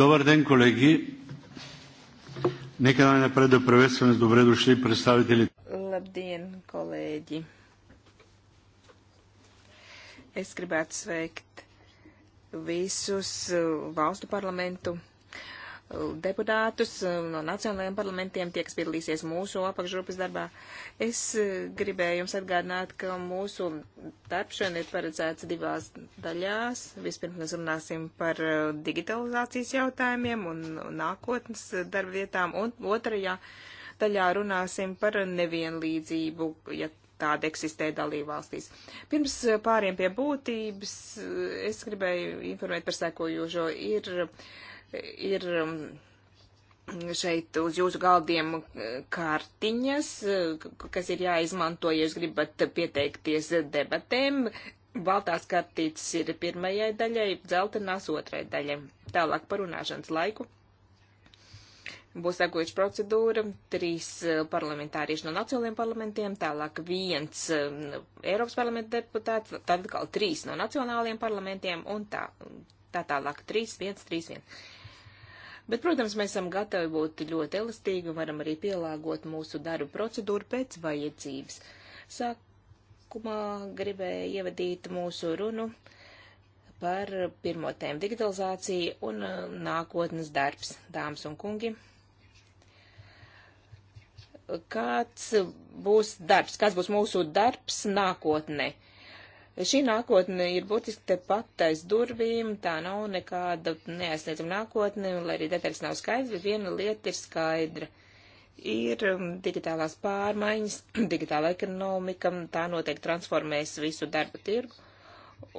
Добър ден, колеги! Нека най-напред да приветстваме с добре дошли представителите. Labdien, kolēģi! Es gribētu sveikt visus valstu parlamentu deputātus eh, no nacionālajiem parlamentiem, tie, kas piedalīsies mūsu apakšgrupas darbā. Es eh, gribēju jums atgādināt, ka mūsu darbs šodien ir paredzēts divās daļās. Vispirms mēs runāsim par eh, digitalizācijas jautājumiem un nākotnes darbvietām, un otrajā daļā runāsim par nevienlīdzību, ja tāda eksistē dalībvalstīs. Pirms pāriem pie būtības, es gribēju informēt par sekojošo. Ir uh, ir um, šeit uz jūsu galdiem uh, kārtiņas, uh, kas ir jāizmanto, ja jūs gribat pieteikties debatēm. Baltās kartītes ir pirmajai daļai, dzeltenās otrai daļai. Tālāk par runāšanas laiku. Būs sekojuši procedūra, trīs uh, parlamentārieši no nacionālajiem parlamentiem, tālāk viens um, Eiropas parlamenta deputāts, tad atkal trīs no nacionālajiem parlamentiem un tā, tā tālāk trīs, viens, trīs, viens. Bet, protams, mēs esam gatavi būt ļoti elastīgi un varam arī pielāgot mūsu darbu procedūru pēc vajadzības. Sākumā gribēju ievadīt mūsu runu par pirmo tēmu digitalizāciju un uh, nākotnes darbs, dāmas un kungi kāds būs darbs, kāds būs mūsu darbs nākotnē. Šī nākotne ir būtiski te patais durvīm, tā nav nekāda neaizsniedzama nākotne, lai arī detaļas nav skaidrs, bet viena lieta ir skaidra. Ir um, digitālās pārmaiņas, digitāla ekonomika, tā noteikti transformēs visu darba tirgu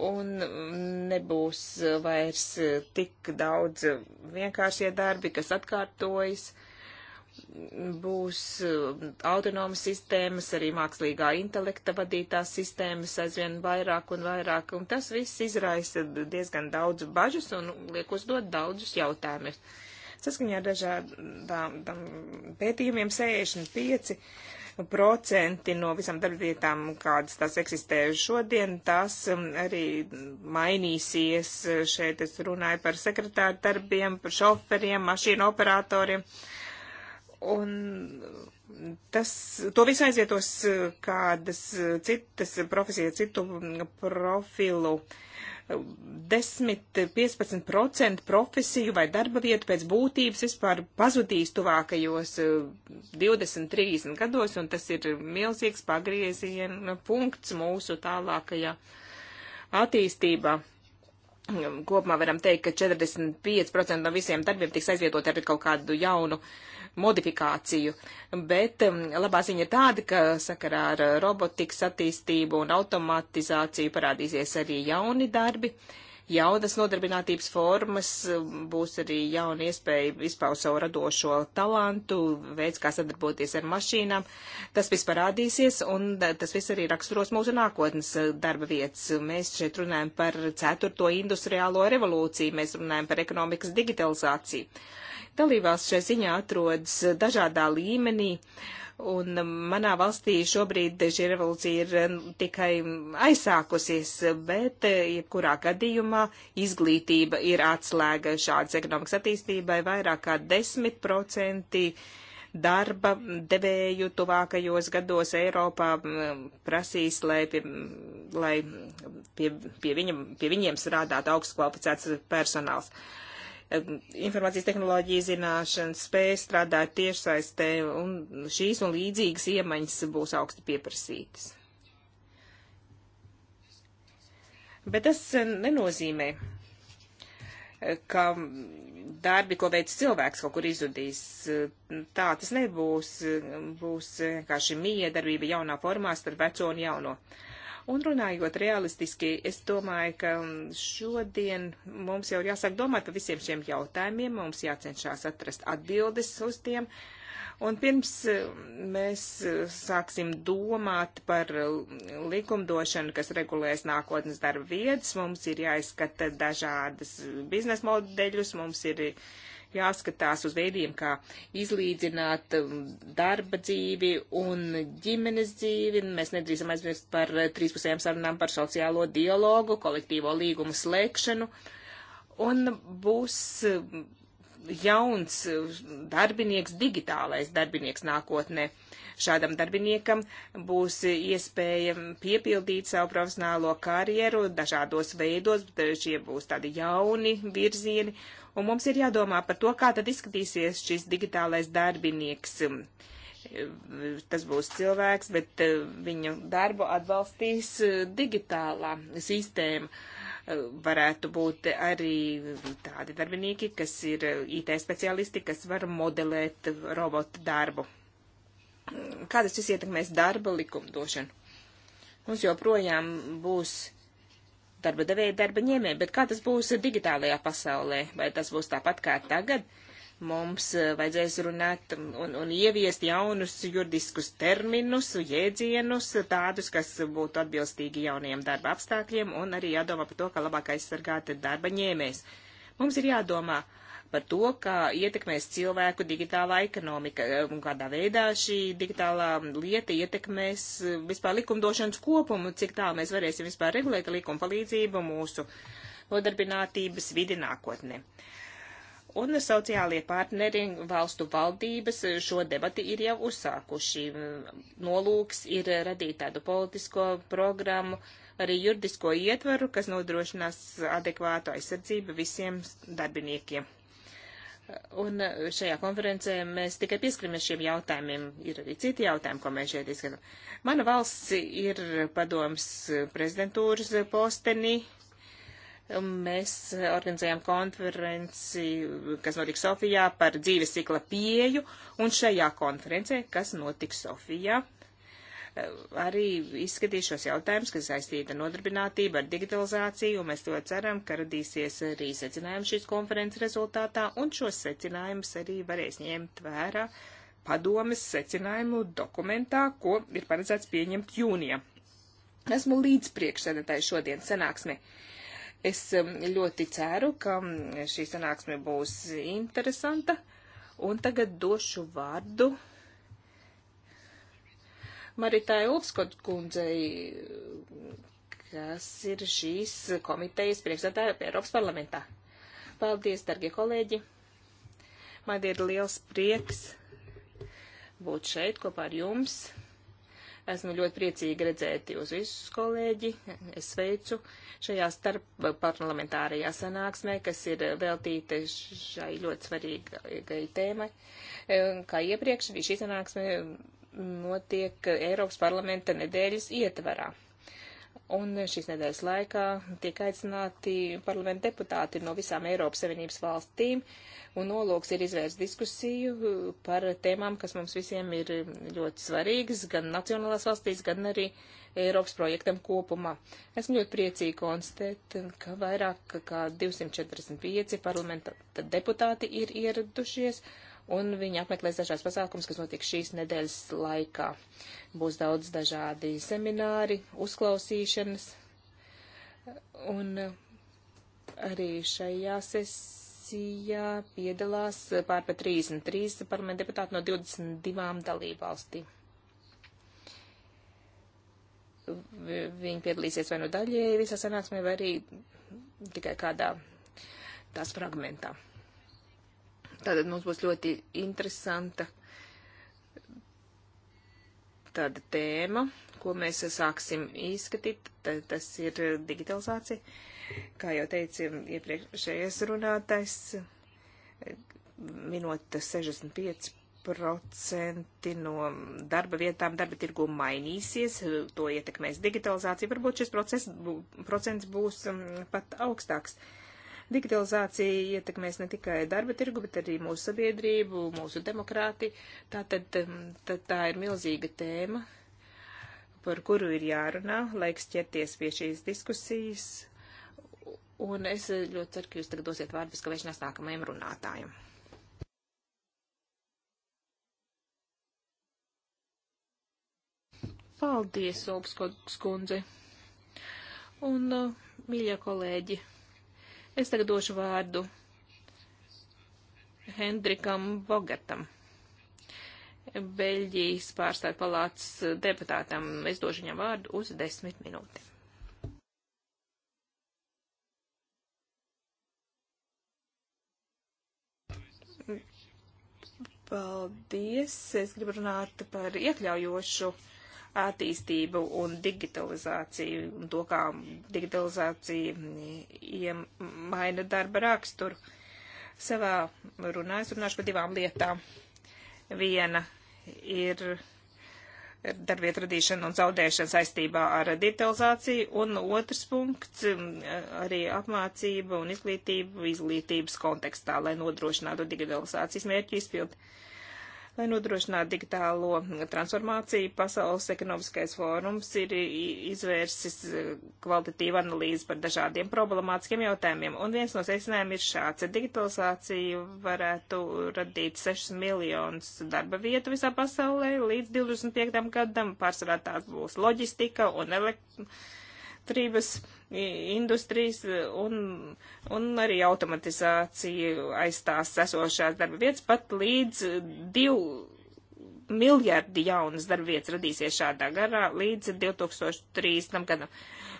un um, nebūs vairs tik daudz vienkāršie darbi, kas atkārtojas. Uh, būs um, autonomas sistēmas, arī mākslīgā intelekta vadītās sistēmas aizvien vairāk un vairāk, un tas viss izraisa diezgan daudz bažas un liek uzdot daudzus jautājumus. Saskaņā ar dažādām pētījumiem 65% no visām darbvietām, kādas tās eksistē šodien, tās um, arī mainīsies. Šeit es runāju par sekretāru darbiem, par šoferiem, mašīnu operatoriem. Uh, Un tas, to visu aizvietos eh, kādas eh, citas profesijas, citu profilu. 10-15% eh, profesiju vai darba vietu pēc būtības vispār pazudīs tuvākajos 20-30 gados, un tas ir milzīgs pagrieziena punkts mūsu tālākajā attīstībā. Kopumā varam teikt, ka 45% no visiem darbiem tiks aizvietot ar kaut kādu jaunu uh, modifikāciju. Bet um, labā ziņa ir tāda, ka sakarā ar robotikas attīstību un automatizāciju parādīsies arī jauni darbi. Jaunas nodarbinātības formas um, būs arī jauna iespēja izpaust savu radošo talantu, veids, kā sadarboties ar mašīnām. Tas viss parādīsies, un tas viss arī raksturos mūsu nākotnes uh, darba vietas. Mēs šeit runājam par ceturto industriālo revolūciju, mēs runājam par ekonomikas digitalizāciju. Dalībās šai ziņā atrodas dažādā līmenī, un manā valstī šobrīd šī revolūcija ir tikai aizsākusies, bet e, jebkurā gadījumā izglītība ir atslēga šādas ekonomikas attīstībai vairāk kā 10% darba devēju tuvākajos gados Eiropā prasīs, lai pie, lai pie, pie, viņam, pie viņiem strādātu augstu kvalificēts personāls. Uh, informācijas tehnoloģija zināšanas, spēja strādāt tiešsaistē, un šīs un līdzīgas iemaņas būs augsti pieprasītas. Bet tas nenozīmē, ka darbi, ko veids cilvēks, kaut kur izudīs. Tā tas nebūs. Būs vienkārši miedarbība jaunā formā starp veco un jauno. Uh, Un runājot realistiski, es domāju, ka šodien mums jau ir jāsāk domāt par visiem šiem jautājumiem, mums jācenšas atrast atbildes uz tiem. Un pirms eh, mēs eh, sāksim domāt par eh, likumdošanu, kas regulēs nākotnes darba vietas, mums ir jāizskata dažādas biznesa modeļus, mums ir. Uh, jāskatās uz veidiem, kā izlīdzināt um, darba dzīvi un ģimenes dzīvi. Mēs nedrīkstam aizmirst par trīspusējām sarunām par sociālo dialogu, kolektīvo līgumu slēgšanu. Un būs um, jauns um, darbinieks, digitālais darbinieks nākotnē. Šādam darbiniekam būs iespēja piepildīt savu profesionālo karjeru dažādos veidos, šie būs tādi jauni virzieni, un mums ir jādomā par to, kā tad izskatīsies šis digitālais darbinieks. Tas būs cilvēks, bet eh, viņu darbu atbalstīs eh, digitālā sistēma. Eh, varētu būt arī tādi darbinieki, kas ir IT speciālisti, kas var modelēt robotu darbu. Kā tas viss ietekmēs darba likumdošanu? Mums joprojām būs darba devēja, darba ņēmēja, bet kā tas būs digitālajā pasaulē? Vai tas būs tāpat kā tagad? Mums eh, vajadzēs runāt un, un ieviest jaunus juridiskus terminus, jēdzienus, tādus, kas būtu atbilstīgi jauniem darba apstākļiem, un arī jādomā par to, kā labāk aizsargāt darba ņēmējs. Mums ir jādomā, uh, par to, kā ietekmēs cilvēku digitālā ekonomika eh, un kādā veidā šī digitālā lieta ietekmēs eh, vispār likumdošanas kopumu, cik tā mēs varēsim vispār regulēt likuma palīdzību mūsu nodarbinātības vidi nākotnē. Un sociālie partneri valstu valdības eh, šo debati ir jau uzsākuši. Nolūks ir radīt tādu politisko programmu, arī juridisko ietvaru, kas nodrošinās adekvātu aizsardzību visiem darbiniekiem. Un šajā konferencē mēs tikai pieskaramies šiem jautājumiem. Ir arī citi jautājumi, ko mēs šeit izskatām. Mana valsts ir padoms prezidentūras postenī. Mēs organizējām konferenci, kas notiks Sofijā par dzīves cikla pieju, un šajā konferencē, kas notiks Sofijā, arī izskatīs šos jautājumus, kas saistīta nodarbinātība ar digitalizāciju, un mēs to ceram, ka radīsies arī secinājums šīs konferences rezultātā, un šos secinājumus arī varēs ņemt vērā padomes secinājumu dokumentā, ko ir paredzēts pieņemt jūnija. Esmu līdz priekšsēdētāji šodien sanāksmē. Es um, ļoti ceru, ka um, šī sanāksme būs interesanta, un tagad došu vārdu Maritai Ulfskot kundzei, kas ir šīs komitejas priekšsēdētāja Eiropas parlamentā. Paldies, darbie kolēģi! Man ir liels prieks būt šeit kopā ar jums. Esmu ļoti priecīga redzēt jūs visus, kolēģi. Es sveicu šajā starpparlamentārajā sanāksmē, kas ir veltīta šai ļoti svarīgai tēmai. Kā iepriekš, šī sanāksme notiek Eiropas parlamenta nedēļas ietverā. Un šīs nedēļas laikā tiek aicināti parlamenta deputāti no visām Eiropas Savienības valstīm, un nolūks ir izvērst diskusiju par tēmām, kas mums visiem ir ļoti svarīgas, gan nacionālās valstīs, gan arī Eiropas projektam kopumā. Esmu ļoti priecīgi konstatēt, ka vairāk kā 245 parlamenta deputāti ir ieradušies, un viņi apmeklēs dažādas pasākums, kas notiks šīs nedēļas laikā. Būs daudz dažādi semināri, uzklausīšanas, un eh, arī šajā sesijā piedalās pārpa 33 parlamenta deputāti no 22 dalībvalstīm viņi piedalīsies vai nu no daļēji visā sanāksmē, vai arī tikai kādā tās fragmentā. Tātad mums būs ļoti interesanta tāda tēma, ko mēs sāksim izskatīt. Tas ir digitalizācija. Kā jau teicu iepriekšējais runātais, minot 65% no darba vietām darba tirgu mainīsies, to ietekmēs digitalizācija. Varbūt šis process, procents būs um, pat augstāks. Uh, Digitalizācija ietekmēs ne tikai darba tirgu, bet arī mūsu sabiedrību, mūsu demokrātiju. Um, tā tad tā ir milzīga tēma, par kuru ir jārunā, laiks ķerties pie šīs diskusijas. Un es ļoti ceru, ka jūs tagad dosiet vārdu bez kavēšanās nākamajam runātājam. Paldies, Obskots kundze. Un, uh, mīļie kolēģi, Es tagad došu vārdu Hendrikam Bogatam, Beļģijas pārstāvju palātas deputātam. Es došu viņam vārdu uz desmit minūtēm. Paldies! Es gribu runāt par iekļaujošu uh, attīstību un digitalizāciju, un to, kā digitalizācija mm, maina darba raksturu. Savā runā es runāšu par divām lietām. Viena ir darbvietu radīšana un zaudēšana saistībā ar digitalizāciju, un otrs punkts mm, arī apmācība un izglītība izglītības kontekstā, lai nodrošinātu digitalizācijas mērķu izpildi. Uh, Lai nodrošinātu digitālo transformāciju, Pasaules ekonomiskais fórums ir izvērsis eh, kvalitatīvu analīzi par dažādiem problemātiskiem jautājumiem. Un viens no secinājumiem ir šāds. Digitalizācija varētu radīt 6 miljonus darba vietu visā pasaulē līdz 25. gadam. Pārsvarā tās būs loģistika un elektrības industrijas un, un arī automatizācija aizstās esošās darba vietas, pat līdz divu miljardi jaunas darba vietas radīsies šādā garā līdz 2030. gadam.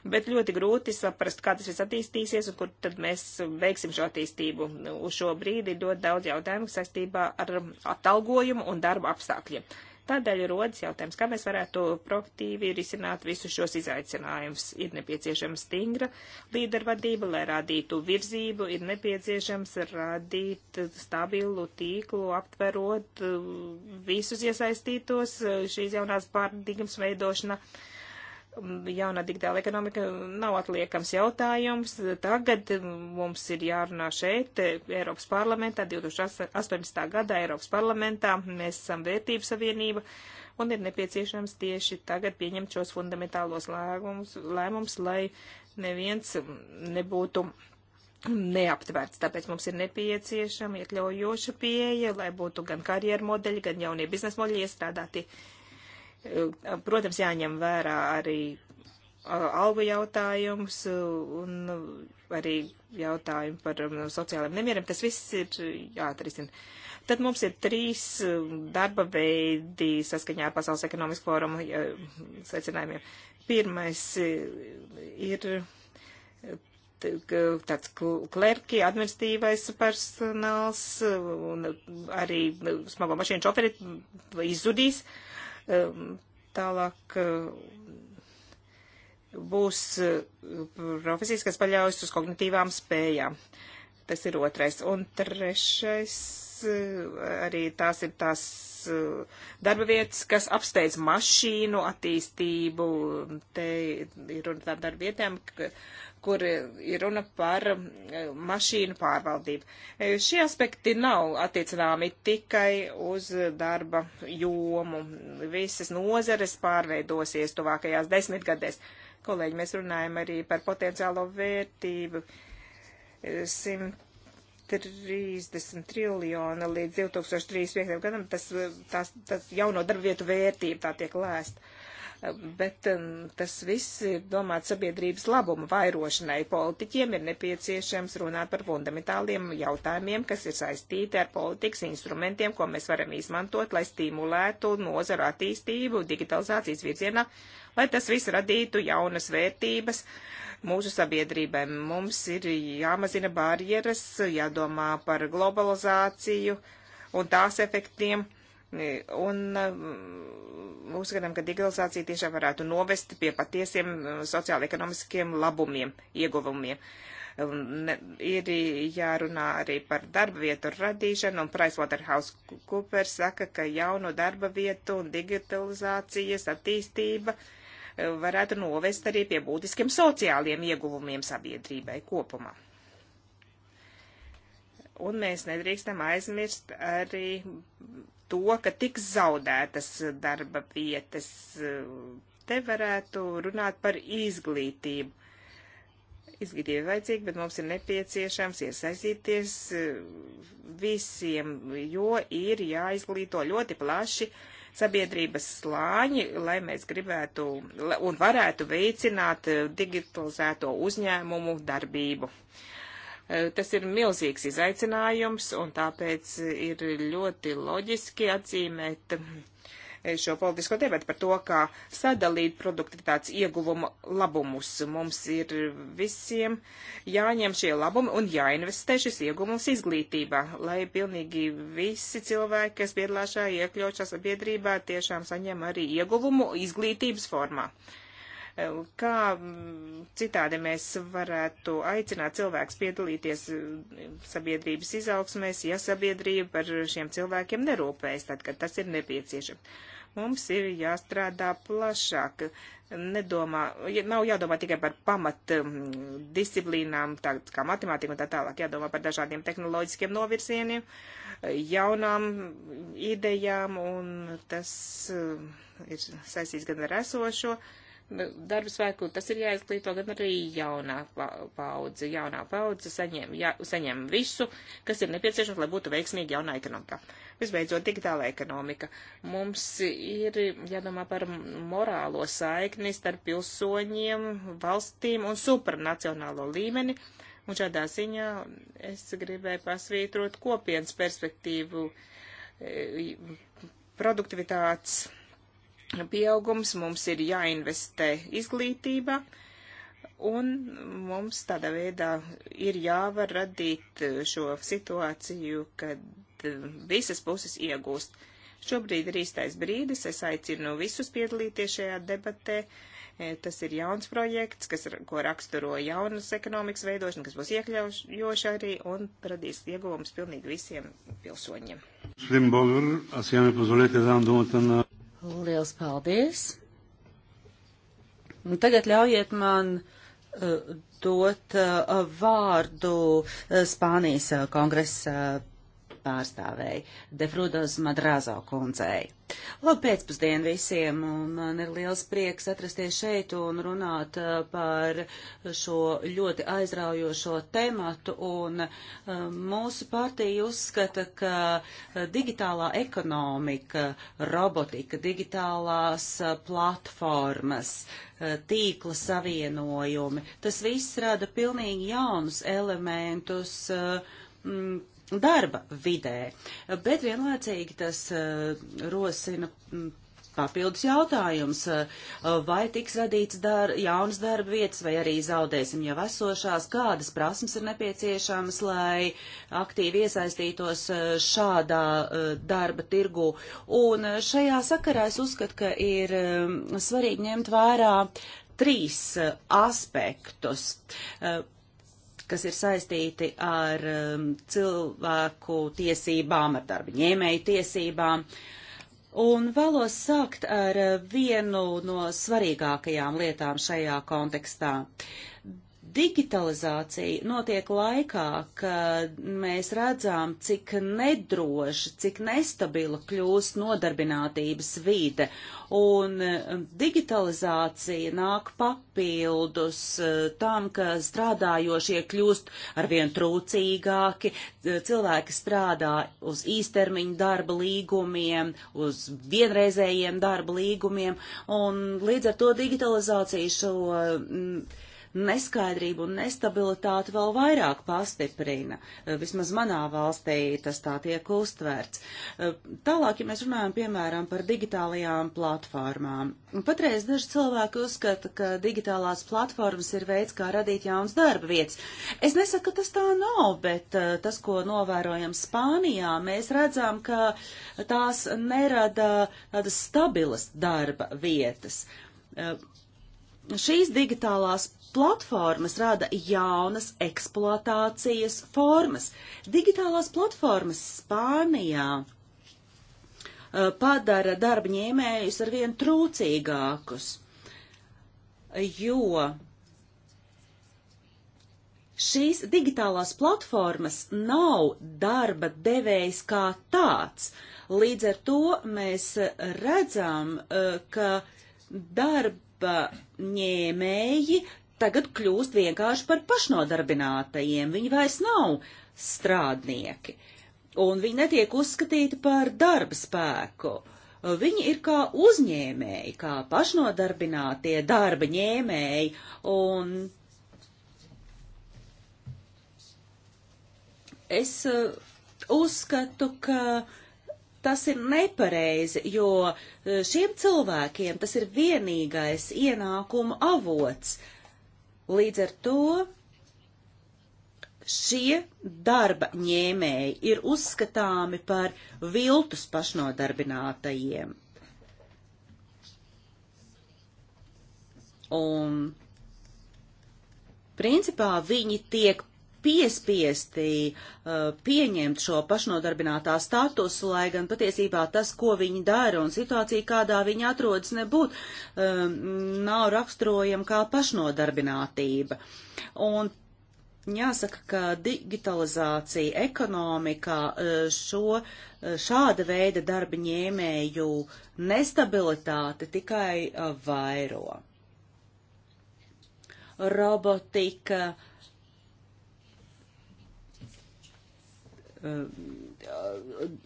Bet ļoti grūti saprast, kā tas viss attīstīsies un kur tad mēs veiksim šo attīstību. Uz šo brīdi ir ļoti daudz jautājumu saistībā ar atalgojumu un darba apstākļiem. Uh, Tādēļ rodas jautājums, kā mēs varētu proaktīvi risināt visus šos izaicinājumus. Ir nepieciešama stingra līdervadība, lai rādītu virzību, ir nepieciešams radīt stabilu tīklu, aptverot uh, visus iesaistītos uh, šīs jaunās pārdigums veidošana. Uh, jaunā digitāla ekonomika nav atliekams jautājums. Tagad mums ir jārunā šeit, Eiropas parlamentā, 2018. gadā Eiropas parlamentā. Mēs esam vērtības savienība un ir nepieciešams tieši tagad pieņemt šos fundamentālos lēmumus, lēmums, lai neviens nebūtu neaptverts. Tāpēc mums ir nepieciešama iekļaujoša pieeja, lai būtu gan karjeru modeļi, gan jaunie biznesa modeļi iestrādāti Eh, protams, jāņem vērā arī algu jautājums eh, un arī jautājumi par um, sociālajiem nemieriem. Tas viss ir eh, jāatrisina. Tad mums ir trīs darba veidi saskaņā ar Pasaules ekonomisko forumu secinājumiem. Pirmais ir tāds klerki, administratīvais personāls un arī smago mašīnu šoferi izzudīs. Uh, Ehm, tālāk ehm, būs ehm, profesijas, kas paļaujas uz kognitīvām spējām. Tas ir otrais. Un trešais arī tās ir tās darba vietas, kas apsteidz mašīnu attīstību. Te ir runa tām darba vietām, kur ir runa par um, mašīnu pārvaldību. E, šie aspekti nav attiecināmi tikai uz darba jomu. Visas nozeres pārveidosies tuvākajās desmitgadēs. Kolēģi, mēs runājam arī par potenciālo vērtību. 100 e, 30 triljona līdz 2035. gadam, tas, tas, tas jauno darba vietu vērtība tā tiek lēsta bet um, tas viss ir domāts sabiedrības labuma vairošanai. Politiķiem ir nepieciešams runāt par fundamentāliem jautājumiem, kas ir saistīti ar politikas instrumentiem, ko mēs varam izmantot, lai stimulētu nozaru attīstību digitalizācijas virzienā, lai tas viss radītu jaunas vērtības mūsu sabiedrībai. Mums ir jāmazina barjeras, jādomā par globalizāciju un tās efektiem Un um, uzskatām, ka digitalizācija tiešām varētu novest pie patiesiem um, sociāla-ekonomiskiem labumiem, ieguvumiem. Um, ne, ir jārunā arī par darba vietu radīšanu, un Pricewaterhouse Cooper saka, ka jauno darba vietu un digitalizācijas attīstība varētu novest arī pie būtiskiem sociāliem ieguvumiem sabiedrībai kopumā. Un mēs nedrīkstam aizmirst arī to, ka tiks zaudētas darba vietas. Eh, te varētu runāt par izglītību. Izglītība ir vajadzīga, bet mums ir nepieciešams iesaistīties eh, visiem, jo ir jāizglīto ļoti plaši sabiedrības slāņi, lai mēs gribētu un varētu veicināt eh, digitalizēto uzņēmumu darbību. Uh, Tas ir milzīgs izaicinājums, un tāpēc ir ļoti loģiski atzīmēt eh, šo politisko debatu par to, kā sadalīt produktivitātes ieguvuma labumus. Mums ir visiem jāņem šie labumi un jāinvestē šis ieguvums izglītībā, lai pilnīgi visi cilvēki, kas piedalās šajā iekļaušā sabiedrībā, tiešām saņem arī ieguvumu izglītības formā. Uh, Kā mm, citādi mēs varētu aicināt cilvēks piedalīties mm, sabiedrības izaugsmēs, ja sabiedrība par šiem cilvēkiem nerūpējas tad, kad tas ir nepieciešams? Mums ir jāstrādā plašāk. Nedomā, nav jādomā tikai par pamat mm, disciplīnām, tāds kā matemātika un tā tālāk, jādomā par dažādiem tehnoloģiskiem novirsieniem, jaunām idejām, un tas ir saistīts gan ar esošo, uh, darba spēku, tas ir jāizglīto gan arī jaunā paudze. Jaunā paudze saņem, jā, saņem visu, kas ir nepieciešams, lai būtu veiksmīgi jaunā ekonomikā. Visbeidzot, digitālā ekonomika. Mums ir jādomā par morālo saikni starp pilsoņiem, valstīm un supranacionālo līmeni. Un šādā ziņā es gribēju pasvītrot kopienas perspektīvu e, produktivitātes pieaugums, mums ir jāinvestē izglītībā, un mums tādā veidā ir jāvar radīt šo situāciju, kad eh, visas puses iegūst. Šobrīd ir īstais brīdis, es aicinu visus piedalīties šajā debatē. Eh, tas ir jauns projekts, kas, ko raksturo jaunas ekonomikas veidošana, kas būs iekļaujoša arī un radīs ieguvumus pilnīgi visiem pilsoņiem. Liels paldies! Un tagad ļaujiet man uh, dot uh, vārdu uh, Spānijas kongresa pārstāvēji, Defrudos Madrāzo kundzei. Labu pēcpusdienu visiem, un man ir liels prieks atrasties šeit un runāt uh, par šo ļoti aizraujošo tematu, un uh, mūsu partija uzskata, ka uh, digitālā ekonomika, robotika, digitālās platformas, tīkla savienojumi. Tas viss rada pilnīgi jaunus elementus, darba vidē, bet vienlaicīgi tas eh, rosina mm, papildus jautājums, eh, vai tiks radīts dar, jaunas darba vietas, vai arī zaudēsim jau esošās, kādas prasmes ir nepieciešamas, lai aktīvi iesaistītos eh, šādā darba tirgu. Un šajā sakarā es uzskatu, ka ir svarīgi ņemt vērā trīs aspektus kas ir saistīti ar um, cilvēku tiesībām, ar darba ņēmēju tiesībām. Un vēlos sākt ar vienu no svarīgākajām lietām šajā kontekstā. Digitalizācija notiek laikā, kad mēs redzam, cik nedroši, cik nestabila kļūst nodarbinātības vide, un um, digitalizācija nāk papildus uh, tam, ka strādājošie kļūst arvien trūcīgāki, cilvēki strādā uz īstermiņu darba līgumiem, uz vienreizējiem darba līgumiem, un līdz ar to digitalizācija šo. Mm, neskaidrību un nestabilitāti vēl vairāk pastiprina. Eh, vismaz manā valstī tas tā tiek uztverts. Eh, tālāk, ja mēs runājam, piemēram, par digitālajām platformām. Patreiz daži cilvēki uzskata, ka digitālās platformas ir veids, kā radīt jaunas darba vietas. Es nesaku, ka tas tā nav, bet eh, tas, ko novērojam Spānijā, mēs redzam, ka tās nerada tādas stabilas darba vietas. Šīs digitālās platformas rada jaunas eksploatācijas formas. Digitālās platformas Spānijā eh, padara darba ņēmējus arvien trūcīgākus, jo šīs digitālās platformas nav darba devējs kā tāds. Līdz ar to mēs redzam, eh, ka darba ņēmēji tagad kļūst vienkārši par pašnodarbinātajiem. Viņi vairs nav strādnieki, un viņi netiek uzskatīti par darba spēku. Viņi ir kā uzņēmēji, kā pašnodarbinātie darba ņēmēji, un es uh, uzskatu, ka tas ir nepareizi, jo uh, šiem cilvēkiem tas ir vienīgais ienākuma avots. Uh, Līdz ar to šie darba ņēmēji ir uzskatāmi par viltus pašnodarbinātajiem. Un principā viņi tiek piespiesti uh, pieņemt šo pašnodarbinātā statusu, lai gan patiesībā tas, ko viņi dara un situācija, kādā viņi atrodas, nebūtu, uh, um, nav raksturojama kā pašnodarbinātība. Un Jāsaka, ka digitalizācija ekonomikā uh, šo uh, šāda veida darba ņēmēju nestabilitāte tikai uh, vairo. Robotika, uh, Um,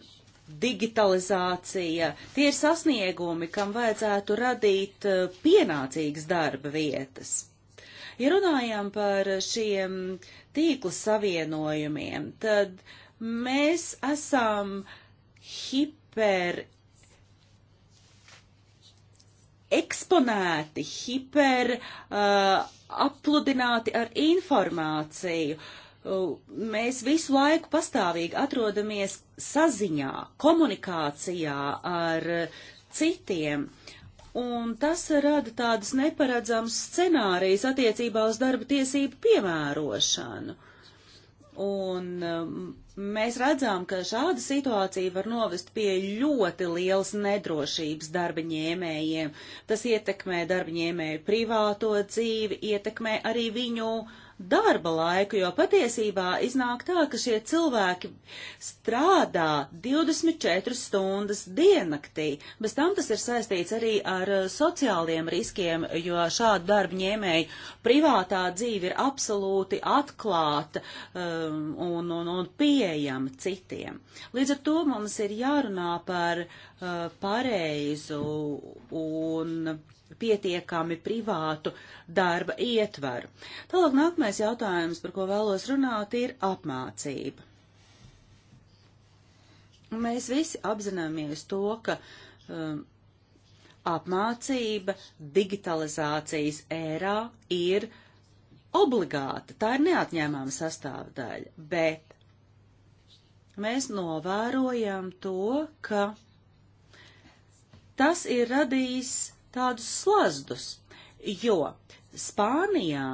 digitalizācija, tie ir sasniegumi, kam vajadzētu radīt uh, pienācīgas darba vietas. Ja runājam par šiem tīklu savienojumiem, tad mēs esam hiper eksponēti, hiper uh, apludināti ar informāciju. Uh, mēs visu laiku pastāvīgi atrodamies saziņā, komunikācijā ar citiem. Un tas rada tādas neparedzamas scenārijas attiecībā uz darba tiesību piemērošanu. Un um, mēs redzam, ka šāda situācija var novest pie ļoti lielas nedrošības darba ņēmējiem. Tas ietekmē darba ņēmēju privāto dzīvi, ietekmē arī viņu uh, darba laiku, jo patiesībā iznāk tā, ka šie cilvēki strādā 24 stundas diennaktī. Bez tam tas ir saistīts arī ar uh, sociāliem riskiem, jo šādu darbu ņēmēju privātā dzīve ir absolūti atklāta um, un, un, un pieejama citiem. Līdz ar to mums ir jārunā par uh, pareizu un pietiekami privātu darba ietvaru. Tālāk nākamais jautājums, par ko vēlos runāt, ir apmācība. Mēs visi apzināmies to, ka um, apmācība digitalizācijas ērā ir obligāta, tā ir neatņēmama sastāvdaļa, bet mēs novērojam to, ka tas ir radījis tādus slazdus, jo Spānijā,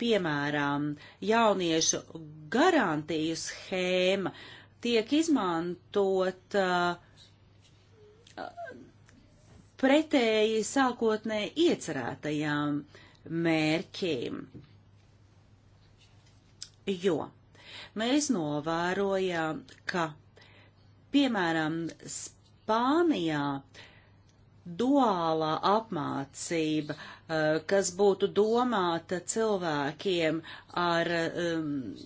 piemēram, jauniešu garantiju schēma tiek izmantot uh, pretēji sākotnē iecerētajām mērķīm. Jo mēs novērojām, ka, piemēram, Spānijā uh, duālā apmācība, eh, kas būtu domāta cilvēkiem ar um,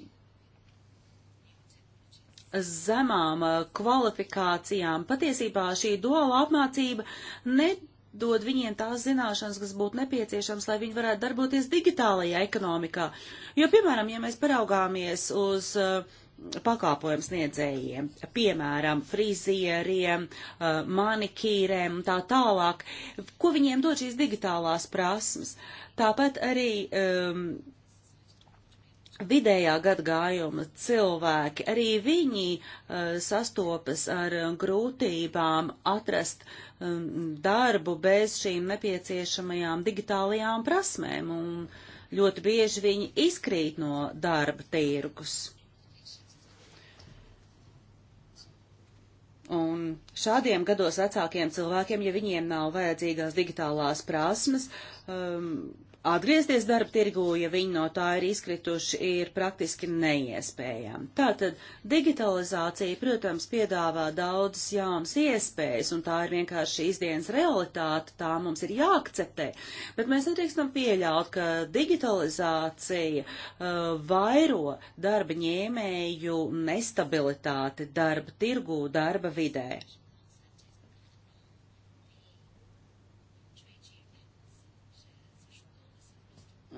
zemām eh, kvalifikācijām. Patiesībā šī duāla apmācība nedod viņiem tās zināšanas, kas būtu nepieciešams, lai viņi varētu darboties digitālajā ekonomikā. Jo, piemēram, ja mēs paraugāmies uz uh, pakalpojums niedzējiem, piemēram, frizieriem, eh, manikīriem un tā tālāk, ko viņiem dod šīs digitālās prasmes. Tāpat arī um, vidējā gadgājuma cilvēki, arī viņi uh, sastopas ar eh, grūtībām atrast um, darbu bez šīm nepieciešamajām digitālajām prasmēm, un ļoti bieži viņi izkrīt no darba tirgus. Un šādiem gados vecākiem cilvēkiem, ja viņiem nav vajadzīgās digitālās prasmes, um, atgriezties darba tirgū, ja viņi no tā ir izkrituši, ir praktiski neiespējami. Tātad digitalizācija, protams, piedāvā daudzas jaunas iespējas, un tā ir vienkārši šīs dienas realitāte, tā mums ir jāakceptē. Bet mēs nedrīkstam pieļaut, ka digitalizācija uh, vairo darba ņēmēju nestabilitāti darba tirgū, darba vidē.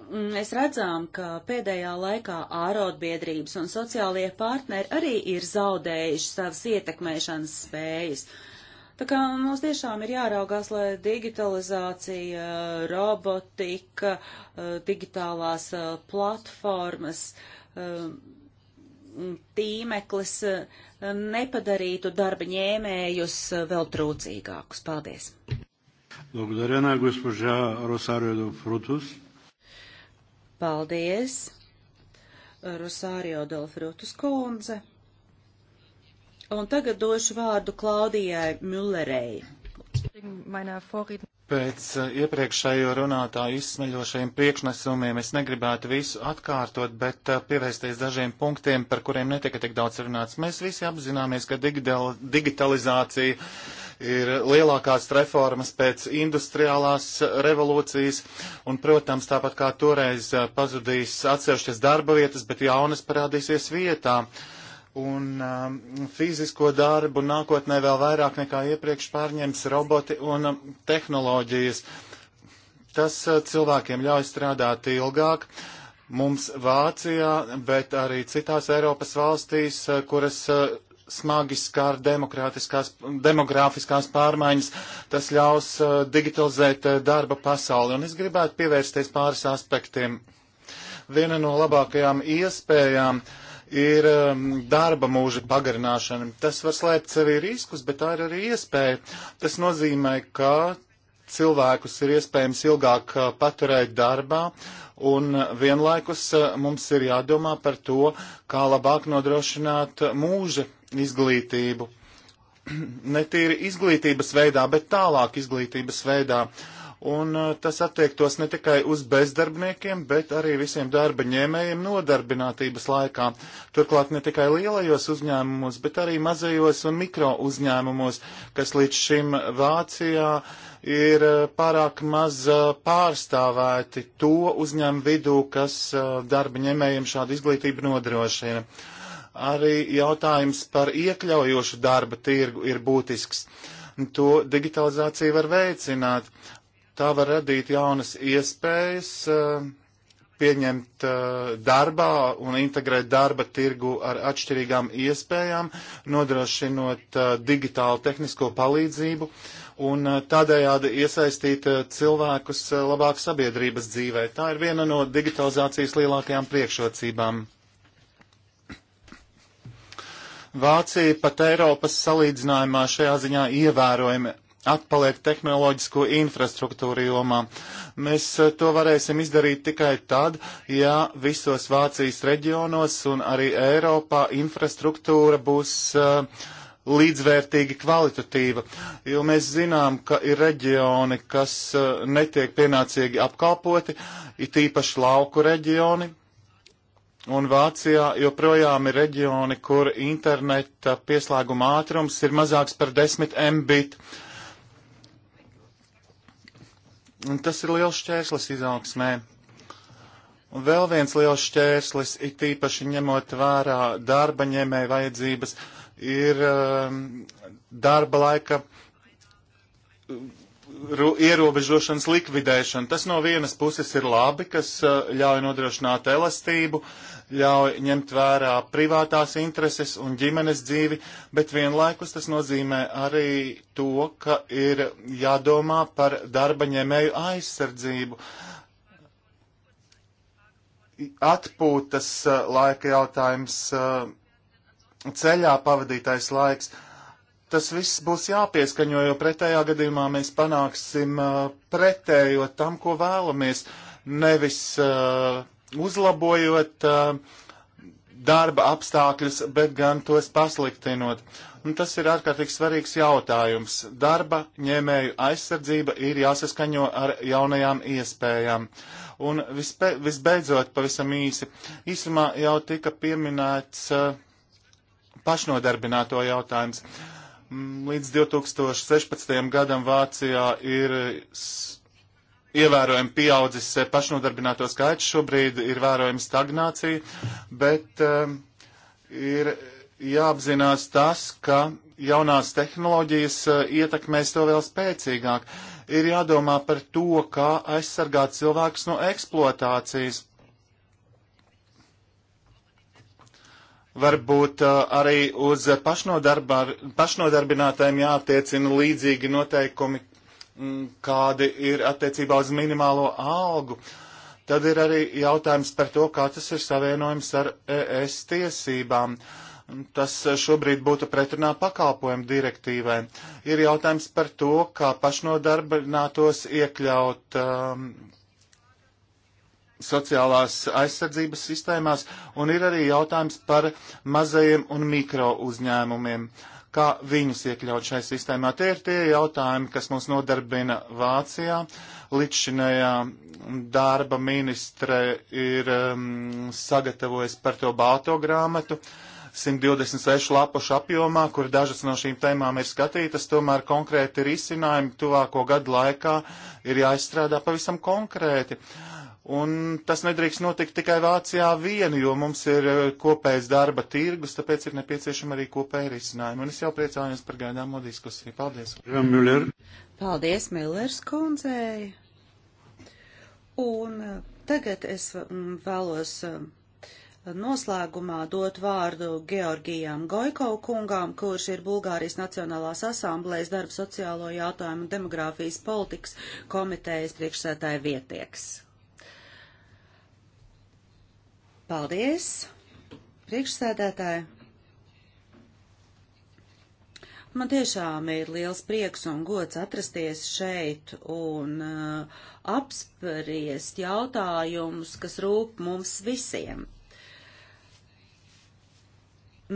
Mm, mēs redzām, ka pēdējā laikā ārotbiedrības un sociālie partneri arī ir zaudējuši savas ietekmēšanas spējas. Tā kā mums tiešām ir jāraugās, lai digitalizācija, robotika, eh, digitālās eh, platformas, eh, tīmeklis nepadarītu darba ņēmējus vēl trūcīgākus. Paldies! Благодаря на госпожа Росарио Фрутус. Paldies, Rosārio Dolfrūtus kundze. Un tagad došu vārdu Klaudijai Müllerei. Pēc eh, iepriekšējo runātāju izsmeļošajiem priekšnesumiem es negribētu visu atkārtot, bet eh, pievērsties dažiem punktiem, par kuriem netika tik daudz runāts. Mēs visi apzināmies, ka digitalizācija ir lielākās reformas pēc industriālās revolūcijas, un, protams, tāpat kā toreiz eh, pazudīs atsevišķas darba vietas, bet jaunas parādīsies vietā. Un um, fizisko darbu nākotnē vēl vairāk nekā iepriekš pārņems roboti un um, tehnoloģijas. Tas uh, cilvēkiem ļauj strādāt ilgāk. Uh, mums Vācijā, bet arī citās Eiropas valstīs, kuras smagi skar demogrāfiskās pārmaiņas, tas ļaus uh, digitalizēt uh, darba pasauli. Un es gribētu pievērsties pāris aspektiem. Viena no labākajām iespējām ir um, darba mūža pagarināšana. Tas var slēpt sevi riskus, bet tā ir arī iespēja. Tas nozīmē, ka cilvēkus ir iespējams ilgāk uh, paturēt darbā, un vienlaikus uh, mums ir jādomā par to, kā labāk nodrošināt uh, mūža izglītību. Ne tīri izglītības veidā, bet tālāk izglītības veidā. Un uh, tas attiektos ne tikai uz bezdarbniekiem, bet arī visiem darba ņēmējiem nodarbinātības laikā. Turklāt ne tikai lielajos uzņēmumos, bet arī mazajos un mikro uzņēmumos, kas līdz šim Vācijā ir uh, pārāk maz uh, pārstāvēti to uzņēmumu vidū, kas darba ņēmējiem šādu izglītību nodrošina. Uh, Arī jautājums par iekļaujošu darba tirgu ir būtisks. To digitalizācija var veicināt. Tā var radīt jaunas iespējas eh, pieņemt eh, darbā un integrēt darba tirgu ar atšķirīgām iespējām, nodrošinot eh, digitālu tehnisko palīdzību un tādējādi iesaistīt cilvēkus labāk sabiedrības dzīvē. Tā ir viena no digitalizācijas lielākajām priekšrocībām. Vācija pat Eiropas salīdzinājumā šajā ziņā ievērojami atpaliek tehnoloģisko infrastruktūru jomā. Mēs e, to varēsim izdarīt tikai tad, ja visos Vācijas reģionos un arī Eiropā infrastruktūra būs uh, līdzvērtīgi kvalitatīva, jo mēs zinām, ka ir reģioni, kas uh, netiek pienācīgi apkalpoti, it īpaši lauku reģioni, Un Vācijā joprojām ir reģioni, kur interneta pieslēguma ātrums ir mazāks par 10 mbit. Un tas ir liels šķērslis izaugsmē. Un vēl viens liels šķērslis, it īpaši ņemot vērā darba ņēmēja vajadzības, ir um, darba laika uh, ru, ierobežošanas likvidēšana. Tas no vienas puses ir labi, kas uh, ļauj nodrošināt elastību, ļauj ņemt vērā privātās intereses un ģimenes dzīvi, bet vienlaikus tas nozīmē arī to, ka ir jādomā par darba ņēmēju aizsardzību. Atpūtas uh, laika jautājums, uh, ceļā pavadītais laiks tas viss būs jāpieskaņo, jo pretējā gadījumā mēs panāksim uh, pretējo tam, ko vēlamies, nevis uh, uzlabojot uh, darba apstākļus, bet gan tos pasliktinot. Un tas ir ārkārtīgi svarīgs jautājums. Darba ņēmēju aizsardzība ir jāsaskaņo ar jaunajām iespējām. Un vispē, visbeidzot, pavisam īsi, īsumā jau tika pieminēts uh, pašnodarbināto jautājums. Mm, līdz 2016. gadam Vācijā ir ievērojami pieaudzis eh, pašnodarbināto skaits, šobrīd ir vērojama stagnācija, bet um, ir jāapzinās tas, ka jaunās tehnoloģijas uh, ietekmēs to vēl spēcīgāk. Ir jādomā par to, kā aizsargāt cilvēkus no eksploatācijas. Varbūt uh, arī uz pašnodarba, pašnodarbinātājiem jātiecina līdzīgi noteikumi Mm, kādi ir attiecībā uz minimālo algu. Tad ir arī jautājums par to, kā tas ir savienojums ar ES tiesībām. Tas šobrīd būtu pretrunā pakalpojumu direktīvai. Ir jautājums par to, kā pašnodarbinātos iekļaut um, sociālās aizsardzības sistēmās, un ir arī jautājums par mazajiem un mikro uzņēmumiem. Uh, kā viņus iekļaut šai sistēmā. Tie ir tie jautājumi, kas mūs nodarbina Vācijā. Līdzšinējā darba ministre ir um, sagatavojis par to bāto grāmatu. 126 lapušu apjomā, kur dažas no šīm tēmām ir skatītas, tomēr konkrēti risinājumi tuvāko gadu laikā ir jāizstrādā pavisam konkrēti. Uh, Un tas nedrīkst notikt tikai Vācijā vien, jo mums ir eh, kopējs darba tirgus, tāpēc ir nepieciešama arī kopēja risinājuma. Un es jau priecājos par gaidāmo diskusiju. Paldies! Müller. Paldies, Millers kundzei! Un eh, tagad es mm, vēlos eh, noslēgumā dot vārdu Georgijam Goikov kungām, kurš ir Bulgārijas Nacionālās asamblējas darba sociālo jautājumu demogrāfijas politikas komitejas priekšsētāja vietieks. Paldies, priekšsēdētāji! Man tiešām ir liels prieks un gods atrasties šeit un uh, apspriest jautājumus, kas rūp mums visiem.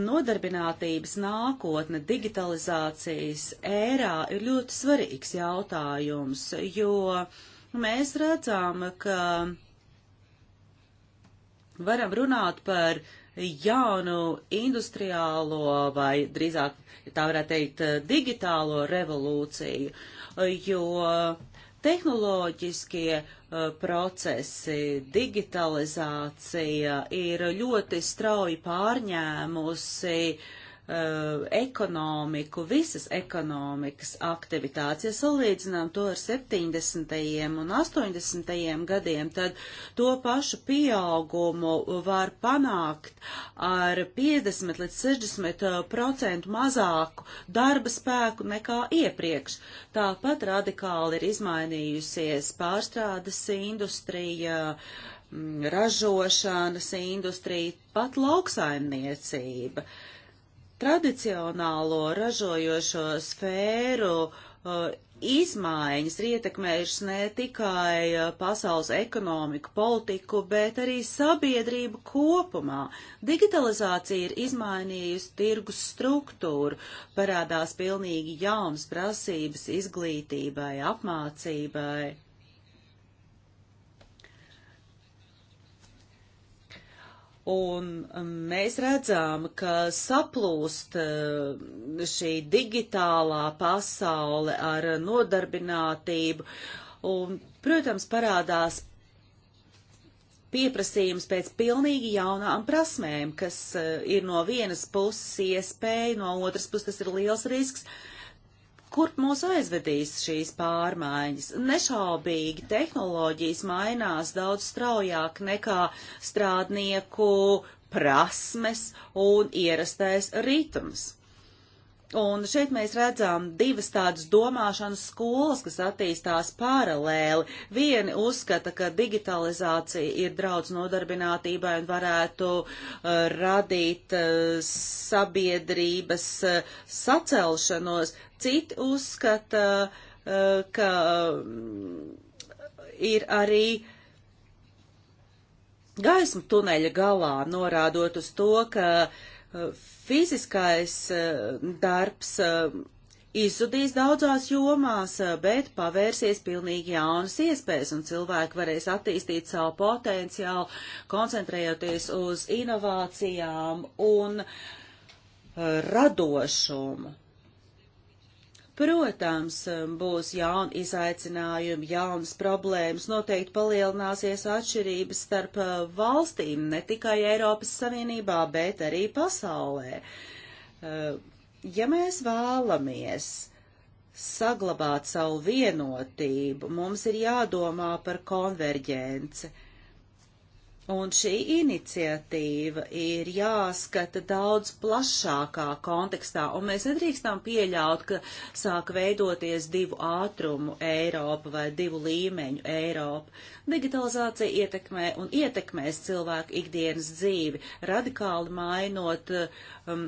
Nodarbinātības nākotne digitalizācijas ērā ir ļoti svarīgs jautājums, jo mēs redzam, ka varam runāt par jaunu industriālo vai drīzāk, tā varētu teikt, digitālo revolūciju, jo tehnoloģiskie uh, procesi, digitalizācija ir ļoti strauji pārņēmusi uh, uh, ekonomiku, visas ekonomikas aktivitātes. Ja salīdzinām to ar 70. un 80. gadiem, tad to pašu pieaugumu var panākt ar 50 līdz 60 eh, procentu mazāku darba spēku nekā iepriekš. Tāpat radikāli ir izmainījusies pārstrādes industrija, mm, ražošanas industrija, pat lauksaimniecība. Uh, Tradicionālo ražojošo sfēru uh, izmaiņas ir ietekmējušas ne tikai uh, pasaules ekonomiku, politiku, bet arī sabiedrību kopumā. Digitalizācija ir izmainījusi tirgus struktūru, parādās pilnīgi jaunas prasības izglītībai, apmācībai. Un um, mēs redzam, ka saplūst um, šī digitālā pasaule ar nodarbinātību, un, protams, parādās pieprasījums pēc pilnīgi jaunām prasmēm, kas uh, ir no vienas puses iespēja, no otras puses tas ir liels risks, uh, kur mūs aizvedīs šīs pārmaiņas. Nešaubīgi tehnoloģijas mainās daudz straujāk nekā strādnieku prasmes un ierastais ritms. Un šeit mēs redzam divas tādas domāšanas skolas, kas attīstās paralēli. Vieni uzskata, ka digitalizācija ir draudz nodarbinātībai un varētu uh, radīt uh, sabiedrības uh, sacelšanos. Citi uzskata, uh, ka uh, ir arī uh, gaismu tuneļa galā, norādot uz to, ka Fiziskais eh, darbs eh, izzudīs daudzās jomās, eh, bet pavērsies pilnīgi jaunas iespējas, un cilvēki varēs attīstīt savu potenciālu, koncentrējoties uz inovācijām un radošumu. Protams, um, būs jauni izaicinājumi, jaunas problēmas, noteikti palielināsies atšķirības starp uh, valstīm, ne tikai Eiropas Savienībā, bet arī pasaulē. Uh, ja mēs vēlamies saglabāt savu vienotību, mums ir jādomā par konverģenci. Un šī iniciatīva ir jāskata daudz plašākā kontekstā, un mēs nedrīkstam pieļaut, ka sāk veidoties divu ātrumu Eiropa vai divu līmeņu Eiropa. Digitalizācija ietekmē un ietekmēs cilvēku ikdienas dzīvi, radikāli mainot um,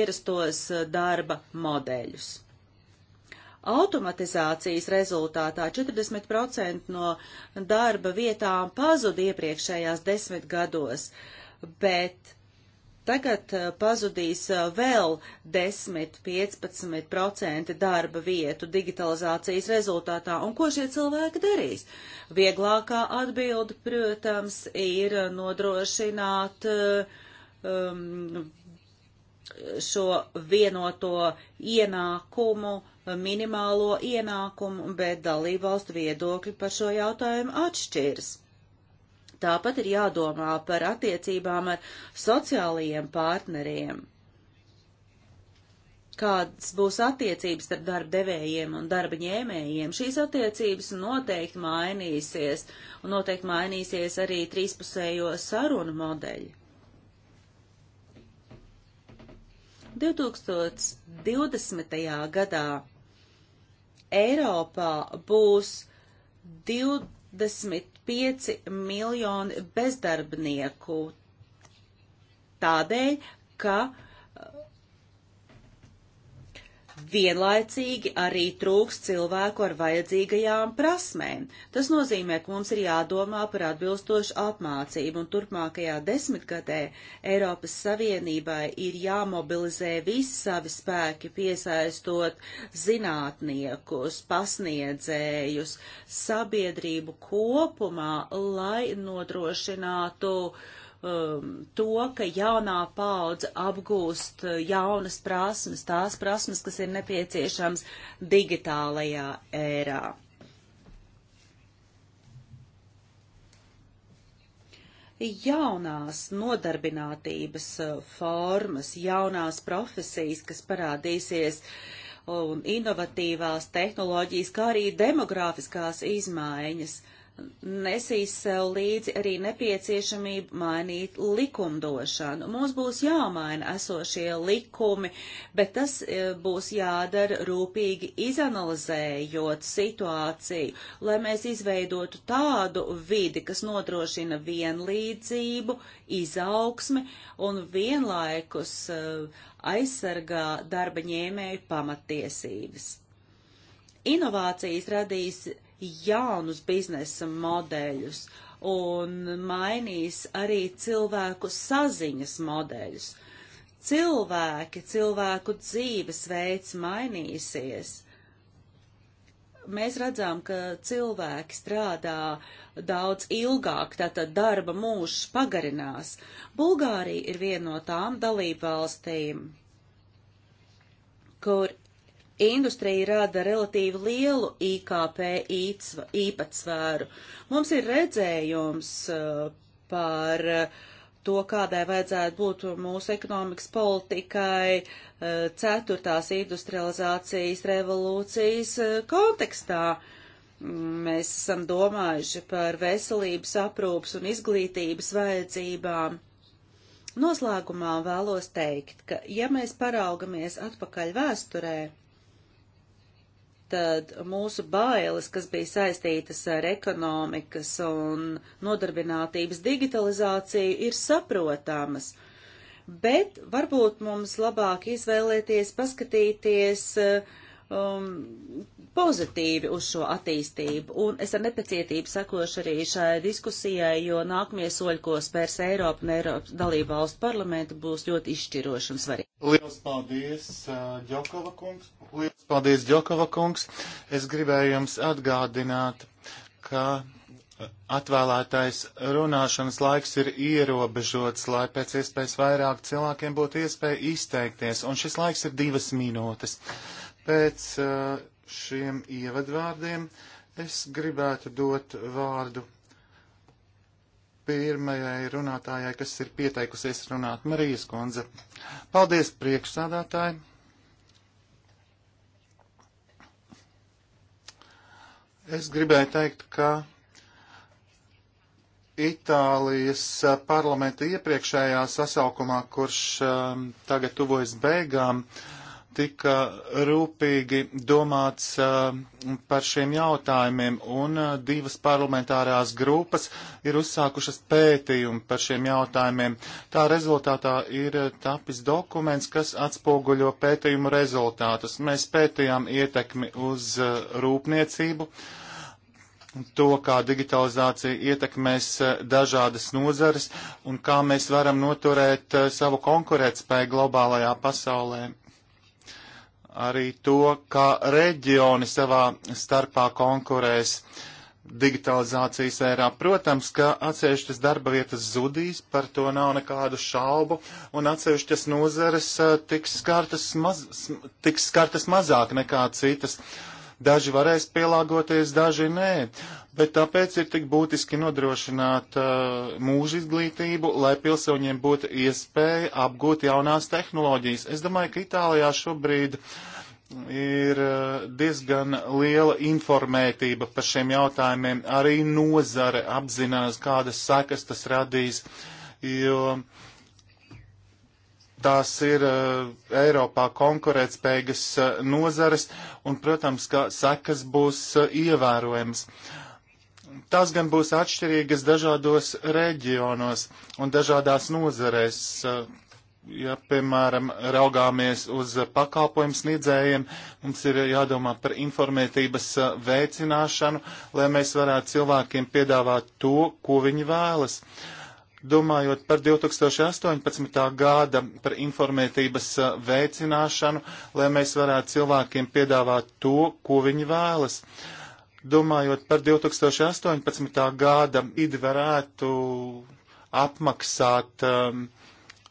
ierastos uh, darba modeļus. Automatizācijas rezultātā 40% no darba vietām pazuda iepriekšējās desmit gados, bet tagad eh, pazudīs eh, vēl 10-15% darba vietu digitalizācijas rezultātā, un ko šie cilvēki darīs? Vieglākā atbilde, protams, ir eh, nodrošināt um, šo vienoto ienākumu, minimālo ienākumu, bet dalībvalstu viedokļi par šo jautājumu atšķiras. Tāpat ir jādomā par attiecībām ar sociālajiem partneriem. Kādas būs attiecības starp darba devējiem un darba ņēmējiem? Šīs attiecības noteikti mainīsies, un noteikti mainīsies arī trīspusējo sarunu modeļi. 2020. gadā Eiropā būs 25 miljoni bezdarbnieku tādēļ, ka uh, Vienlaicīgi arī trūks cilvēku ar vajadzīgajām prasmēm. Tas nozīmē, ka mums ir jādomā par atbilstošu apmācību, un turpmākajā desmitgadē Eiropas Savienībai ir jāmobilizē visi savi spēki, piesaistot zinātniekus, pasniedzējus, sabiedrību kopumā, lai nodrošinātu uh, um, to, ka jaunā paudze apgūst uh, jaunas prasmes, tās prasmes, kas ir nepieciešams digitālajā ērā. jaunās nodarbinātības uh, formas, jaunās profesijas, kas parādīsies, un inovatīvās tehnoloģijas, kā arī demografiskās izmaiņas. Uh, nesīs e, līdzi arī nepieciešamību mainīt likumdošanu. Mums būs jāmaina esošie likumi, bet tas e, būs jādara rūpīgi izanalizējot situāciju, lai mēs izveidotu tādu vidi, kas nodrošina vienlīdzību, izaugsmi un vienlaikus e, aizsargā darba ņēmēju pamatiesības. Inovācijas radīs jaunus biznesa modeļus un mainīs arī cilvēku saziņas modeļus. Cilvēki, cilvēku dzīvesveids mainīsies mēs redzam, ka cilvēki strādā daudz ilgāk, tātad darba mūžs pagarinās. Bulgārija ir viena no tām dalību valstīm, kur industrija rada relatīvi lielu IKP īpatsvēru. Mums ir redzējums uh, par uh, to, kādai vajadzētu būt mūsu ekonomikas politikai uh, ceturtās industrializācijas revolūcijas kontekstā. Mēs esam domājuši par veselības aprūpas un izglītības vajadzībām. Noslēgumā vēlos teikt, ka ja mēs paraugamies atpakaļ vēsturē, tad mūsu bailes, kas bija saistītas ar ekonomikas un nodarbinātības digitalizāciju, ir saprotamas. Bet varbūt mums labāk izvēlēties, paskatīties, um, pozitīvi uz šo attīstību, un es ar nepacietību sakošu arī šai diskusijai, jo nākamie soļi, ko spērs Eiropa un Eiropas dalība valstu parlamenta, būs ļoti izšķiroši un svarīgi. Lielas paldies, Ģokava uh, kungs! Lielas paldies, Ģokava kungs! Es gribēju jums atgādināt, ka atvēlētais runāšanas laiks ir ierobežots, lai pēc iespējas vairāk cilvēkiem būtu iespēja izteikties, un šis laiks ir divas minūtes. Pēc uh, šiem ievadvārdiem es gribētu dot vārdu pirmajai runātājai, kas ir pieteikusies runāt, Marijas kundze. Paldies priekšsādātāji! Es gribēju teikt, ka Itālijas parlamenta iepriekšējā sasaukumā, kurš um, tagad tuvojas beigām, uh, tika rūpīgi domāts uh, par šiem jautājumiem, un uh, divas parlamentārās grupas ir uzsākušas pētījumu par šiem jautājumiem. Tā rezultātā ir eh, tapis dokuments, kas atspoguļo pētījumu rezultātus. Mēs pētījām ietekmi uz uh, rūpniecību, to, kā digitalizācija ietekmēs dažādas nozares un kā mēs varam noturēt savu konkurētspēju globālajā pasaulē arī to, ka reģioni savā starpā konkurēs digitalizācijas ērā. Protams, ka atsevišķas darba vietas zudīs, par to nav nekādu šaubu, un atsevišķas nozares eh, tiks skartas, maz, tiks skartas mazāk nekā citas. Uh, Daži varēs pielāgoties, daži nē. Bet tāpēc ir tik būtiski nodrošināt uh, mūža izglītību, lai pilsoņiem būtu iespēja apgūt jaunās tehnoloģijas. Es domāju, ka Itālijā šobrīd ir uh, diezgan liela informētība par šiem jautājumiem. Arī nozare apzinās, kādas sekas tas radīs, jo uh, tās ir uh, Eiropā konkurētspējīgas uh, nozares, un, protams, ka sekas būs uh, ievērojamas. Tās gan būs atšķirīgas dažādos reģionos un dažādās nozarēs. Ja, piemēram, raugāmies uz pakalpojumu sniedzējiem, mums ir jādomā par informētības veicināšanu, lai mēs varētu cilvēkiem piedāvāt to, ko viņi vēlas. Uh, Domājot par 2018. gada par informētības uh, veicināšanu, lai mēs varētu cilvēkiem piedāvāt to, ko viņi vēlas. Domājot par 2018. gada, id varētu apmaksāt um,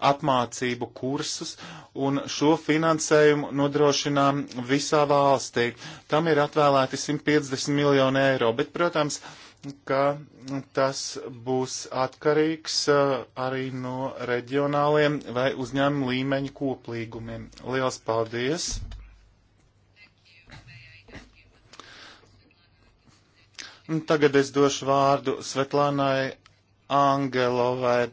apmācību kursus, un šo finansējumu nodrošinām visā valstī. Tam ir atvēlēti 150 miljoni eiro, bet, protams, uh, ka tas būs atkarīgs uh, arī no reģionāliem vai uzņēmumu līmeņa koplīgumiem. Liels paldies! Tagad es došu vārdu Svetlānai Angelovai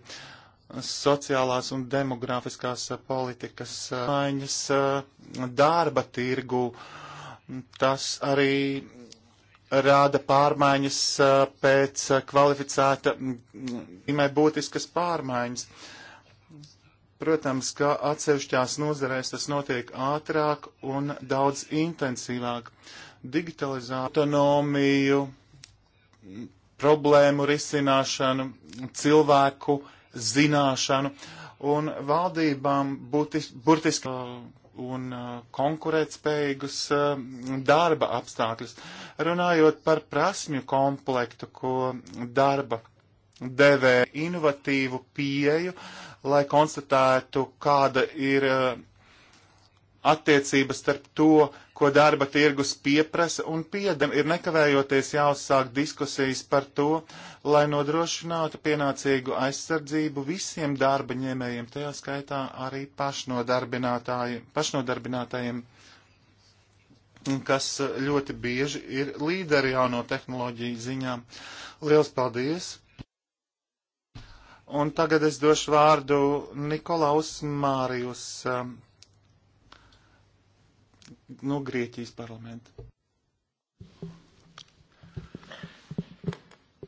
sociālās un demografiskās uh, politikas uh, maiņas darba tirgu. Tas arī rāda pārmaiņas pēc kvalificēta, zīmē būtiskas pārmaiņas. Protams, ka atsevišķās nozarēs tas notiek ātrāk un daudz intensīvāk. Digitalizācija, autonomiju, problēmu risināšanu, cilvēku zināšanu un valdībām būtis, burtiski un uh, konkurētspējīgus uh, darba apstākļus. Runājot par prasmju komplektu, ko darba devē inovatīvu pieju, lai konstatētu, kāda ir uh, attiecības starp to, ko darba tirgus pieprasa un piedem, ir nekavējoties jāuzsāk diskusijas par to, lai nodrošinātu pienācīgu aizsardzību visiem darba ņēmējiem, tajā skaitā arī pašnodarbinātājiem, kas ļoti bieži ir līderi jauno tehnoloģiju ziņā. Liels paldies! Un tagad es došu vārdu Nikolaus Mārijus. Um, no Grieķijas parlamenta.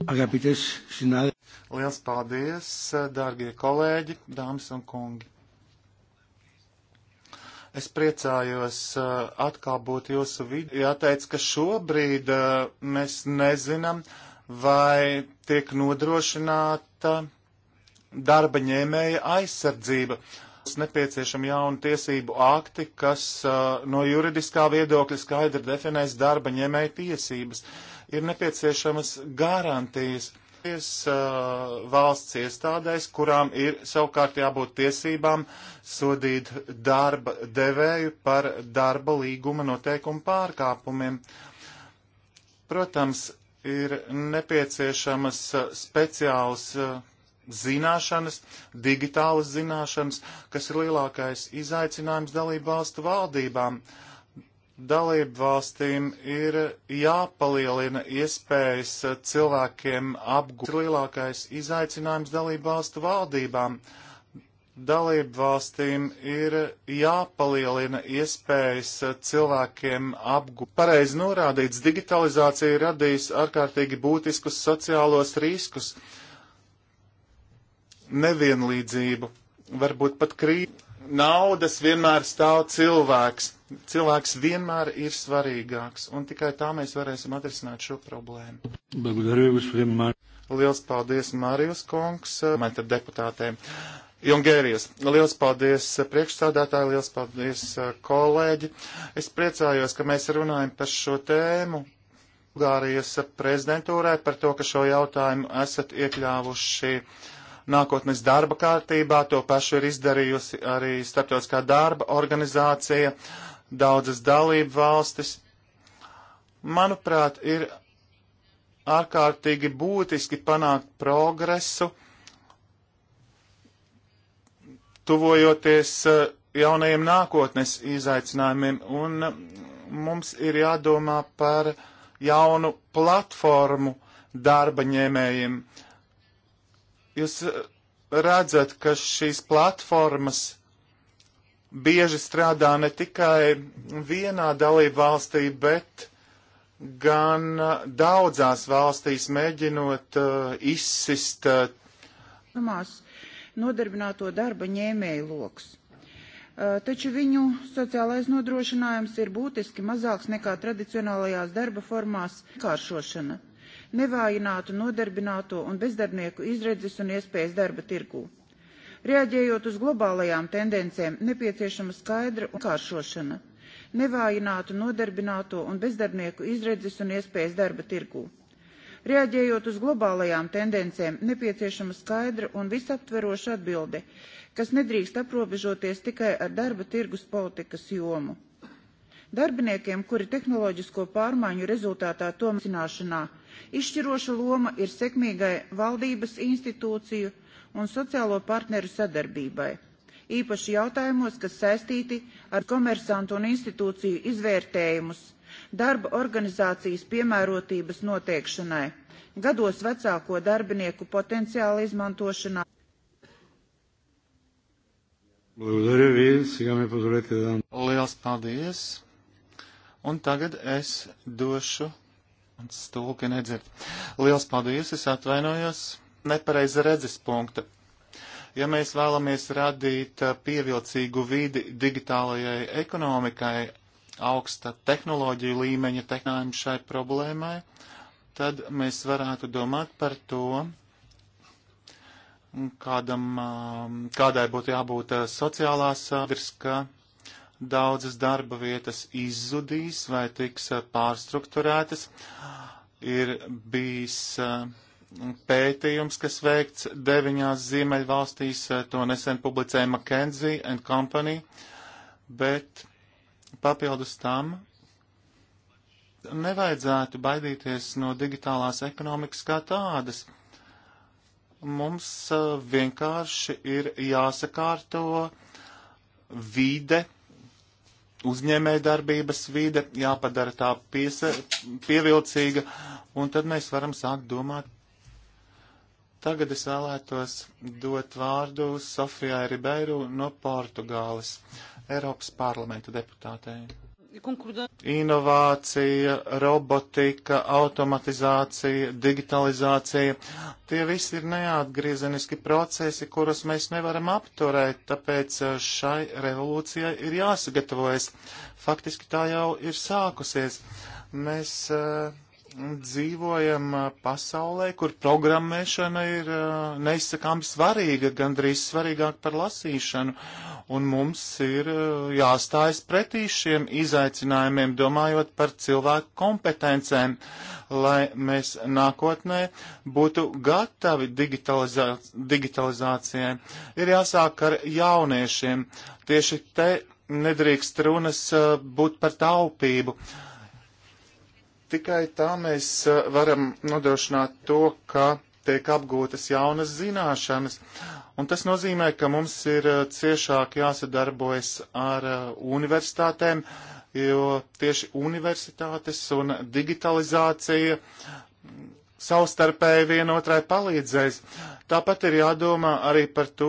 Agapīties, šinādi. Liels paldies, dārgie kolēģi, dāmas un kungi. Es priecājos eh, atkal būt jūsu vidū. Jāteic, ka šobrīd eh, mēs nezinām, vai tiek nodrošināta darba ņēmēja aizsardzība. Uh, nepieciešami jauni tiesību akti, kas uh, no juridiskā viedokļa skaidri definēs darba ņēmēja tiesības. Ir nepieciešamas garantijas uh, valsts iestādēs, kurām ir savukārt jābūt tiesībām sodīt darba devēju par darba līguma noteikumu pārkāpumiem. Protams, ir nepieciešamas uh, speciāls uh, zināšanas, digitālas zināšanas, kas ir lielākais izaicinājums dalību valstu valdībām. Dalību valstīm ir jāpalielina iespējas cilvēkiem apgūt. Lielākais izaicinājums dalību valstu valdībām. Dalību valstīm ir jāpalielina iespējas cilvēkiem apgūt. Pareizi norādīts, digitalizācija radīs ārkārtīgi būtiskus sociālos riskus. Uh, nevienlīdzību, varbūt pat krīt. Naudas vienmēr stāv cilvēks. Cilvēks vienmēr ir svarīgāks, un tikai tā mēs varēsim atrisināt šo problēmu. Liels paldies, Mārijus Kongs, mērķa deputātēm. Jungērijas, liels paldies priekšstādātāji, liels paldies kolēģi. Es priecājos, ka mēs runājam par šo tēmu. Bulgārijas prezidentūrai par to, ka šo jautājumu esat iekļāvuši uh, nākotnes darba kārtībā. To pašu ir izdarījusi arī Startautiskā darba organizācija, daudzas dalību valstis. Manuprāt, ir ārkārtīgi būtiski panākt progresu, tuvojoties eh, jaunajiem nākotnes izaicinājumiem, un eh, mums ir jādomā par jaunu platformu darba ņēmējiem. Uh, Jūs eh, redzat, ka šīs platformas bieži strādā ne tikai vienā dalību valstī, bet gan eh, daudzās valstīs mēģinot uh, izsist uh, nodarbināto darba ņēmēju lokus. Uh, taču viņu sociālais nodrošinājums ir būtiski mazāks nekā tradicionālajās darba formās kāršošana nevājinātu nodarbināto un bezdarbnieku izredzes un iespējas darba tirgū. Reaģējot uz globālajām tendencēm, nepieciešama skaidra un kāršošana, nevājinātu nodarbināto un bezdarbnieku izredzes un iespējas darba tirgū. Reaģējot uz globālajām tendencēm, nepieciešama skaidra un visaptveroša atbilde, kas nedrīkst aprobežoties tikai ar darba tirgus politikas jomu Darbiniekiem, kuri tehnoloģisko pārmaiņu rezultātā tomēr zināšanā, izšķiroša loma ir sekmīgai valdības institūciju un sociālo partneru sadarbībai, īpaši jautājumos, kas saistīti ar komersantu un institūciju izvērtējumus, darba organizācijas piemērotības noteikšanai, gados vecāko darbinieku potenciāla izmantošanā. Liels paldies! Un tagad es došu stulki nedzird. Liels paldies, es atvainojos. Nepareiza redzes punkta. Ja mēs vēlamies radīt uh, pievilcīgu vidi digitālajai ekonomikai, augsta tehnoloģiju līmeņa tehnājumu šai problēmai, tad mēs varētu domāt par to, kādam, um, kādai būtu jābūt uh, sociālās uh, sabiedriskā daudzas darba vietas izzudīs vai tiks eh, pārstruktūrētas. Ir bijis eh, pētījums, kas veikts deviņās Ziemeļvalstīs, eh, to nesen publicēja McKenzie and Company, bet papildus tam nevajadzētu baidīties no digitālās ekonomikas kā tādas. Mums vienkārši ir jāsakārto vide, uzņēmēja darbības vide, jāpadara tā piesa, pievilcīga, un tad mēs varam sākt domāt. Tagad es vēlētos dot vārdu Sofijai Ribeiru no Portugāles, Eiropas parlamenta deputātei. Inovācija, robotika, automatizācija, digitalizācija - tie visi ir neatgriezeniski procesi, kurus mēs nevaram apturēt, tāpēc eh, šai revolūcijai ir jāsagatavojas. Faktiski tā jau ir sākusies. Mēs uh, dzīvojam eh, pasaulē, kur programmēšana ir neizsakām svarīga, gandrīz svarīgāk par lasīšanu un mums ir eh, jāstājas pretī šiem izaicinājumiem, domājot par cilvēku kompetencēm, lai mēs nākotnē būtu gatavi digitalizā digitalizācijai. Ir jāsāk ar jauniešiem. Tieši te nedrīkst runas eh, būt par taupību. Tikai tā mēs eh, varam nodrošināt to, ka tiek apgūtas jaunas zināšanas. Un tas nozīmē, ka mums ir uh, ciešāk jāsadarbojas ar uh, universitātēm, jo tieši universitātes un digitalizācija mm, savstarpēji vienotrai palīdzēs. Tāpat ir jādomā arī par to,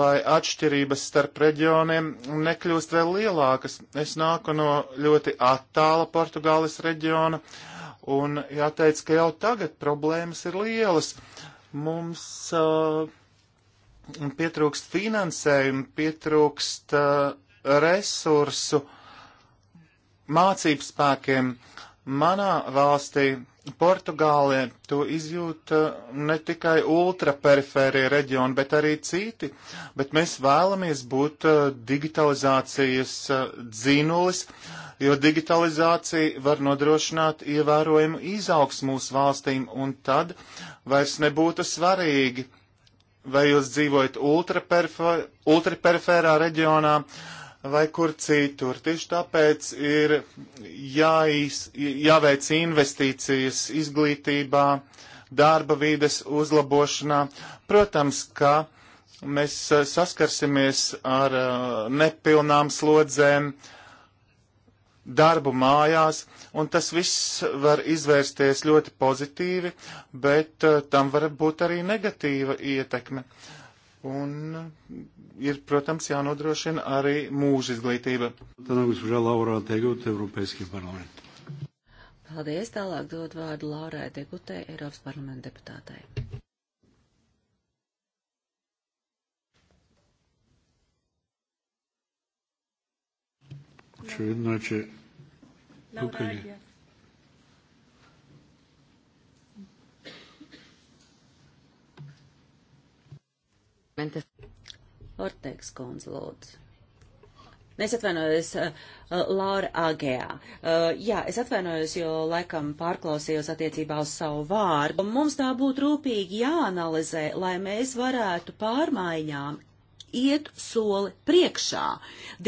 lai atšķirības starp reģioniem nekļūst vēl lielākas. Es nāku no ļoti attāla Portugāles reģiona. Uh, Un jāteic, ka jau tagad problēmas ir lielas. Mums uh, pietrūkst finansējumu, pietrūkst uh, resursu mācības spēkiem. Manā valstī Portugālē to izjūt eh, ne tikai ultraperifērie reģioni, bet arī citi, bet mēs vēlamies būt eh, digitalizācijas eh, dzīnulis, jo digitalizācija var nodrošināt ievērojumu izaugs mūsu valstīm, un tad vairs nebūtu svarīgi, vai jūs dzīvojat ultraperifērā reģionā, uh, vai kur citur. Tieši tāpēc ir jāiz, jāveic investīcijas izglītībā, darba vīdes uzlabošanā. Protams, ka mēs eh, saskarsimies ar eh, nepilnām slodzēm, darbu mājās, un tas viss var izvērsties ļoti pozitīvi, bet eh, tam var būt arī negatīva ietekme. Un ir, protams, jānodrošina arī mūža izglītība. Paldies, tālāk dod vārdu Laurai Degutē, Eiropas parlamenta deputātei. Очевидно, че тук ли? Mente Orteiks kundze, lūdzu. Es atvainojos, uh, uh, Laura Agējā. Uh, jā, es atvainojos, jo laikam pārklausījos attiecībā uz savu vārdu. Mums tā būtu rūpīgi jāanalizē, lai mēs varētu pārmaiņām iet soli priekšā.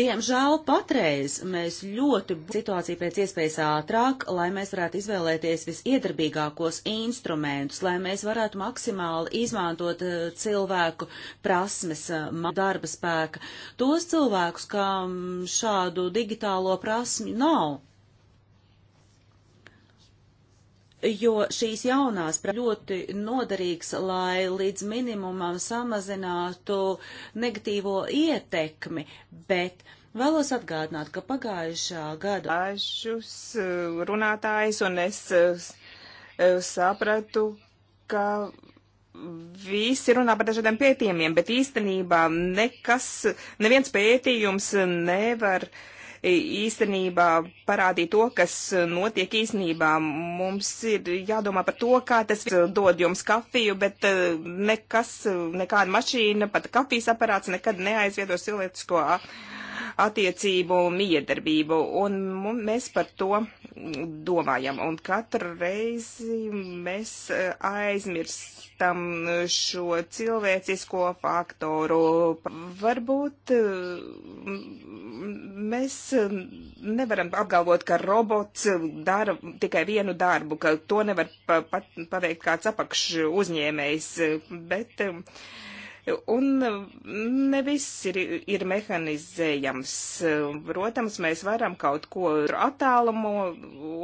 Diemžēl patreiz mēs ļoti situāciju pēc iespējas ātrāk, lai mēs varētu izvēlēties visiedarbīgākos instrumentus, lai mēs varētu maksimāli izmantot eh, cilvēku prasmes, eh, darba spēka, tos cilvēkus, kam šādu digitālo prasmi nav jo šīs jaunās ļoti noderīgs, lai līdz minimumam samazinātu negatīvo ietekmi, bet vēlos atgādināt, ka pagājušā gada. Dažus uh, runātājus un es uh, uh, sapratu, ka visi runā par dažādiem pētījumiem, bet īstenībā nekas, neviens pētījums nevar uh, īstenībā parādīt to, kas notiek īstenībā. Mums ir jādomā par to, kā tas dod jums kafiju, bet eh, nekas, nekāda mašīna, pat kafijas aparāts nekad neaizvietos cilvēcisko attiecību miedarbību, un mēs par to domājam, un katru reizi mēs e, aizmirstam šo cilvēcisko faktoru. Varbūt e, mēs nevaram apgalvot, ka robots dara tikai vienu darbu, ka to nevar pa, pa, paveikt kāds apakš uzņēmējs, bet uh, un ne viss ir, ir mehanizējams. Protams, mēs varam kaut ko attālumu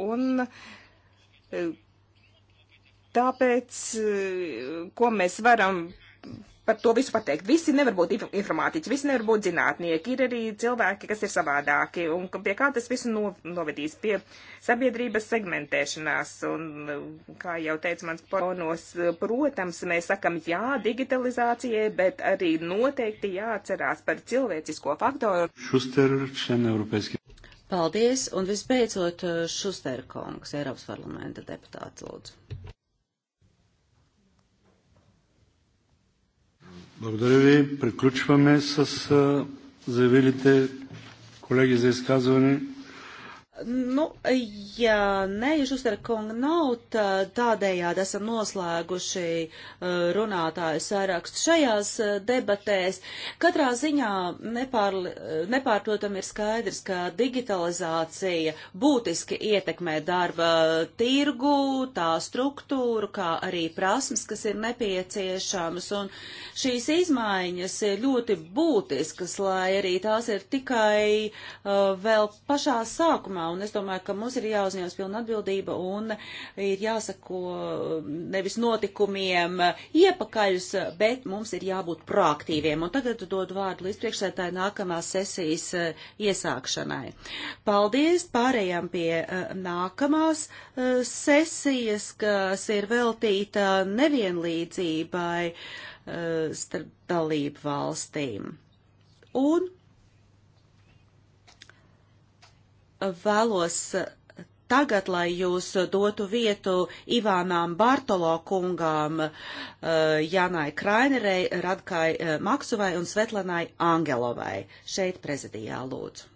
un e, tāpēc, e, ko mēs varam par to visu pateikt. Visi nevar būt informātiķi, visi nevar būt zinātnieki. Ir arī cilvēki, kas ir savādāki. Un pie kā tas visu novedīs? Pie sabiedrības segmentēšanās. Un, kā jau teica mans ponos, protams, mēs sakam jā digitalizācijai, bet arī noteikti jāatcerās par cilvēcisko faktoru. Šuster, Paldies, un visbeidzot Šusterkongs, Eiropas parlamenta deputāts, lūdzu. Благодаря ви. Приключваме с заявилите колеги за изказване. Nu, ja Neižusara kunga nav, tad tādējādi esam noslēguši uh, runātāju sarakstu šajās uh, debatēs. Katrā ziņā nepār, uh, nepārprotam ir skaidrs, ka digitalizācija būtiski ietekmē darba tirgu, tā struktūru, kā arī prasmes, kas ir nepieciešamas. Un šīs izmaiņas ir ļoti būtiskas, lai arī tās ir tikai uh, vēl pašā sākumā Un es domāju, ka mums ir jāuzņemas pilna atbildība un ir jāsako um, nevis notikumiem iepakaļus, bet mums ir jābūt proaktīviem. Un tagad dod vārdu līdz priekšsētāju nākamās sesijas uh, iesākšanai. Paldies! Pārējām pie uh, nākamās uh, sesijas, kas ir veltīta nevienlīdzībai starp dalību valstīm. Un vēlos tagad, lai jūs dotu vietu Ivānām Bartolo kungām, uh, Janai Krainerei, Radkai uh, Maksuvai un Svetlanai Angelovai šeit prezidijā lūdzu.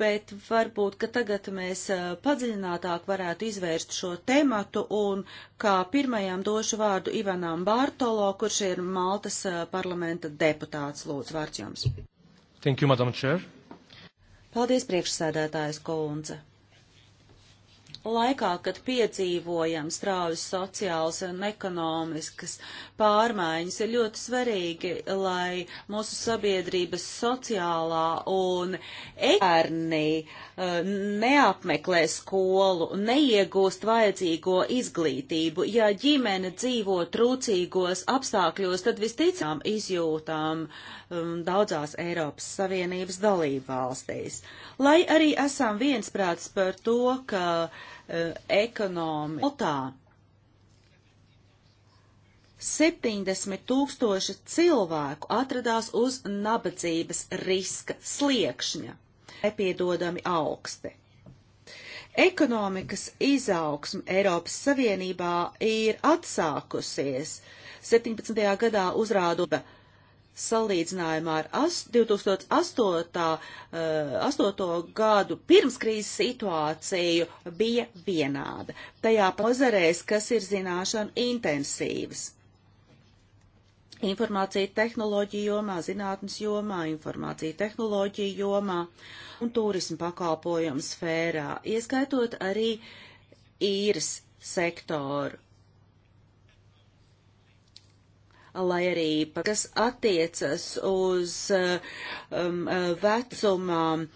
bet varbūt, ka tagad mēs padziļinātāk varētu izvērst šo tematu un kā pirmajam došu vārdu Ivanām Bārtolo, kurš ir Maltas parlamenta deputāts. Lūdzu, vārds jums. Thank you, Madam Chair. Paldies, priekšsēdētājs Kolundze laikā, kad piedzīvojam strāvis sociāls un ekonomiskas pārmaiņas, ir ļoti svarīgi, lai mūsu sabiedrības sociālā un bērni eh, neapmeklē skolu, neiegūst vajadzīgo izglītību. Ja ģimene dzīvo trūcīgos apstākļos, tad visticām izjūtām um, daudzās Eiropas Savienības dalībvalstīs. Lai arī esam viensprāts par to, ka uh, Eh, ekonomi. Otā 70 tūkstoši cilvēku atradās uz nabadzības riska sliekšņa, nepiedodami augsti. Ekonomikas izaugsme Eiropas Savienībā ir atsākusies. 17. gadā uzrāduba salīdzinājumā ar 2008. Uh, eh, gadu pirmskrīzes situāciju bija vienāda. Tajā pozarēs, kas ir zināšanu intensīvas. Informācija tehnoloģija jomā, zinātnes jomā, informācija tehnoloģija jomā un turismu pakalpojumu sfērā, ieskaitot arī īres sektoru. lai arī, kas attiecas uz eh, um, eh, vecumām,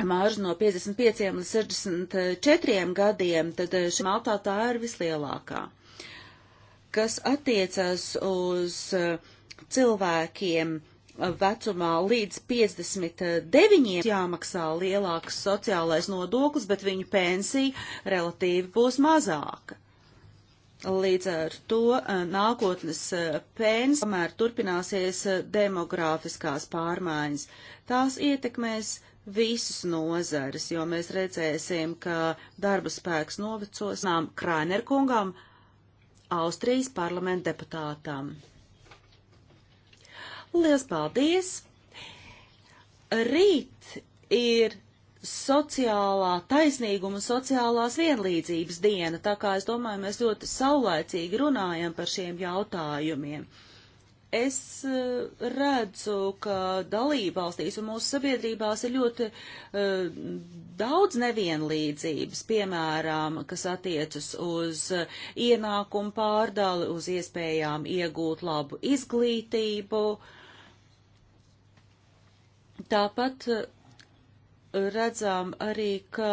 um, māržu no 55 līdz 64 gadiem, tad eh, šī Maltā tā ir vislielākā. Kas attiecas uz cilvēkiem vecumā līdz 59 jāmaksā lielāks sociālais nodoklis, bet viņu pensija relatīvi būs mazāka. Līdz ar to eh, nākotnes eh, pēns, kamēr turpināsies eh, demogrāfiskās pārmaiņas, tās ietekmēs visas nozares, jo mēs redzēsim, ka darba spēks novecos nām Krainerkungam, Austrijas parlamenta deputātam. Lielas paldies! Rīt ir sociālā taisnīguma un sociālās vienlīdzības diena, tā kā es domāju, mēs ļoti saulēcīgi runājam par šiem jautājumiem. Es eh, redzu, ka dalībvalstīs un mūsu sabiedrībās ir ļoti uh, daudz nevienlīdzības, piemēram, kas attiecas uz eh, ienākumu pārdali, uz iespējām iegūt labu izglītību. Tāpat redzam arī, ka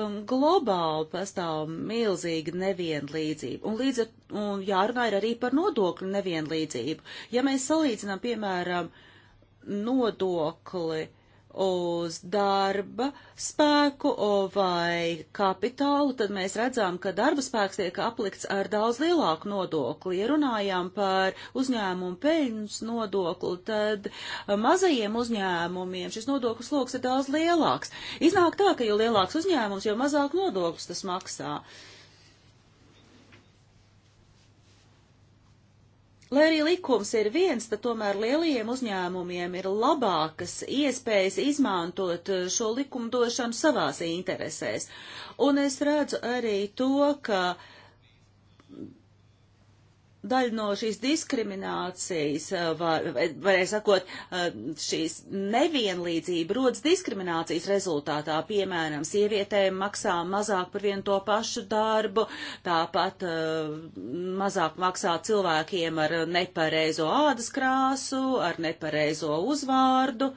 um, globāli pastāv milzīga nevienlīdzība. Un, līdz ar, un jārunā ir arī par nodokļu nevienlīdzību. Ja mēs salīdzinām, piemēram, nodokli uz darba spēku vai kapitālu, tad mēs redzam, ka darba spēks tiek aplikts ar daudz lielāku nodokli. Ja runājām par uzņēmumu peļņas nodokli, tad mazajiem uzņēmumiem šis nodokļu sloks ir daudz lielāks. Iznāk tā, ka jo lielāks uzņēmums, jo mazāk nodokļus tas maksā. Uh, Lai arī likums ir viens, tad tomēr lielajiem uzņēmumiem ir labākas iespējas izmantot eh, šo likumdošanu savās interesēs. Un es redzu arī to, ka uh, daļa no šīs diskriminācijas, eh, var, varēja sakot, eh, šīs nevienlīdzība rodas diskriminācijas rezultātā. Piemēram, sievietēm maksā mazāk par vienu to pašu darbu, tāpat eh, mazāk maksā cilvēkiem ar nepareizo ādas krāsu, ar nepareizo uzvārdu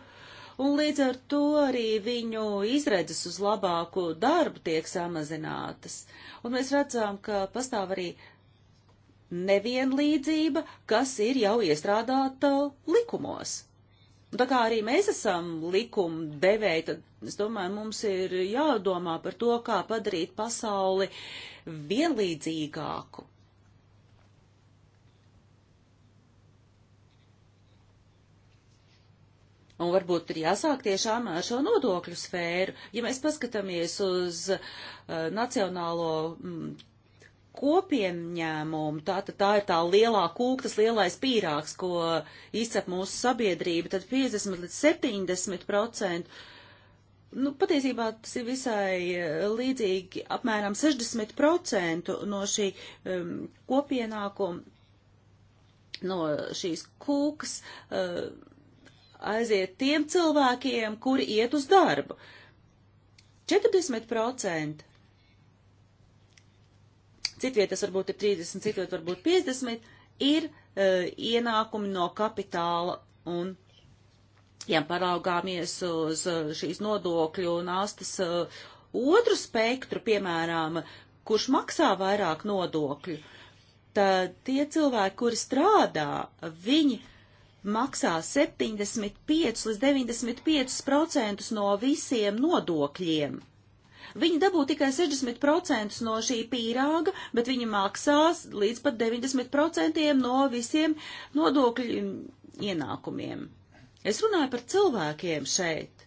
un līdz ar to arī viņu izredzes uz labāku darbu tiek samazinātas. Un mēs redzam, ka pastāv arī nevienlīdzība, kas ir jau iestrādāta likumos. Un tā kā arī mēs esam likuma devēji, tad es domāju, mums ir jādomā par to, kā padarīt pasauli vienlīdzīgāku. Un varbūt ir jāsāk tiešām ar šo nodokļu sfēru. Ja mēs paskatāmies uz uh, nacionālo mm, kopienņēmumu, tā, tā, tā ir tā lielā kūka, tas lielais pīrāgs, ko izcep mūsu sabiedrība, tad 50 līdz 70 procentu. Nu, patiesībā tas ir visai eh, līdzīgi apmēram 60% no šī um, kopienākuma, no šīs kūkas uh, aiziet tiem cilvēkiem, kuri iet uz darbu. 40% citviet tas varbūt ir 30, citviet varbūt 50, ir uh, ienākumi no kapitāla un, ja paraugāmies uz eh, šīs nodokļu nastas uh, eh, otru spektru, piemēram, kurš maksā vairāk nodokļu, tad tie cilvēki, kuri strādā, viņi maksā 75 līdz 95 procentus no visiem nodokļiem. Viņi dabū tikai 60% no šī pīrāga, bet viņi maksās līdz pat 90% no visiem nodokļu ienākumiem. Es runāju par cilvēkiem šeit.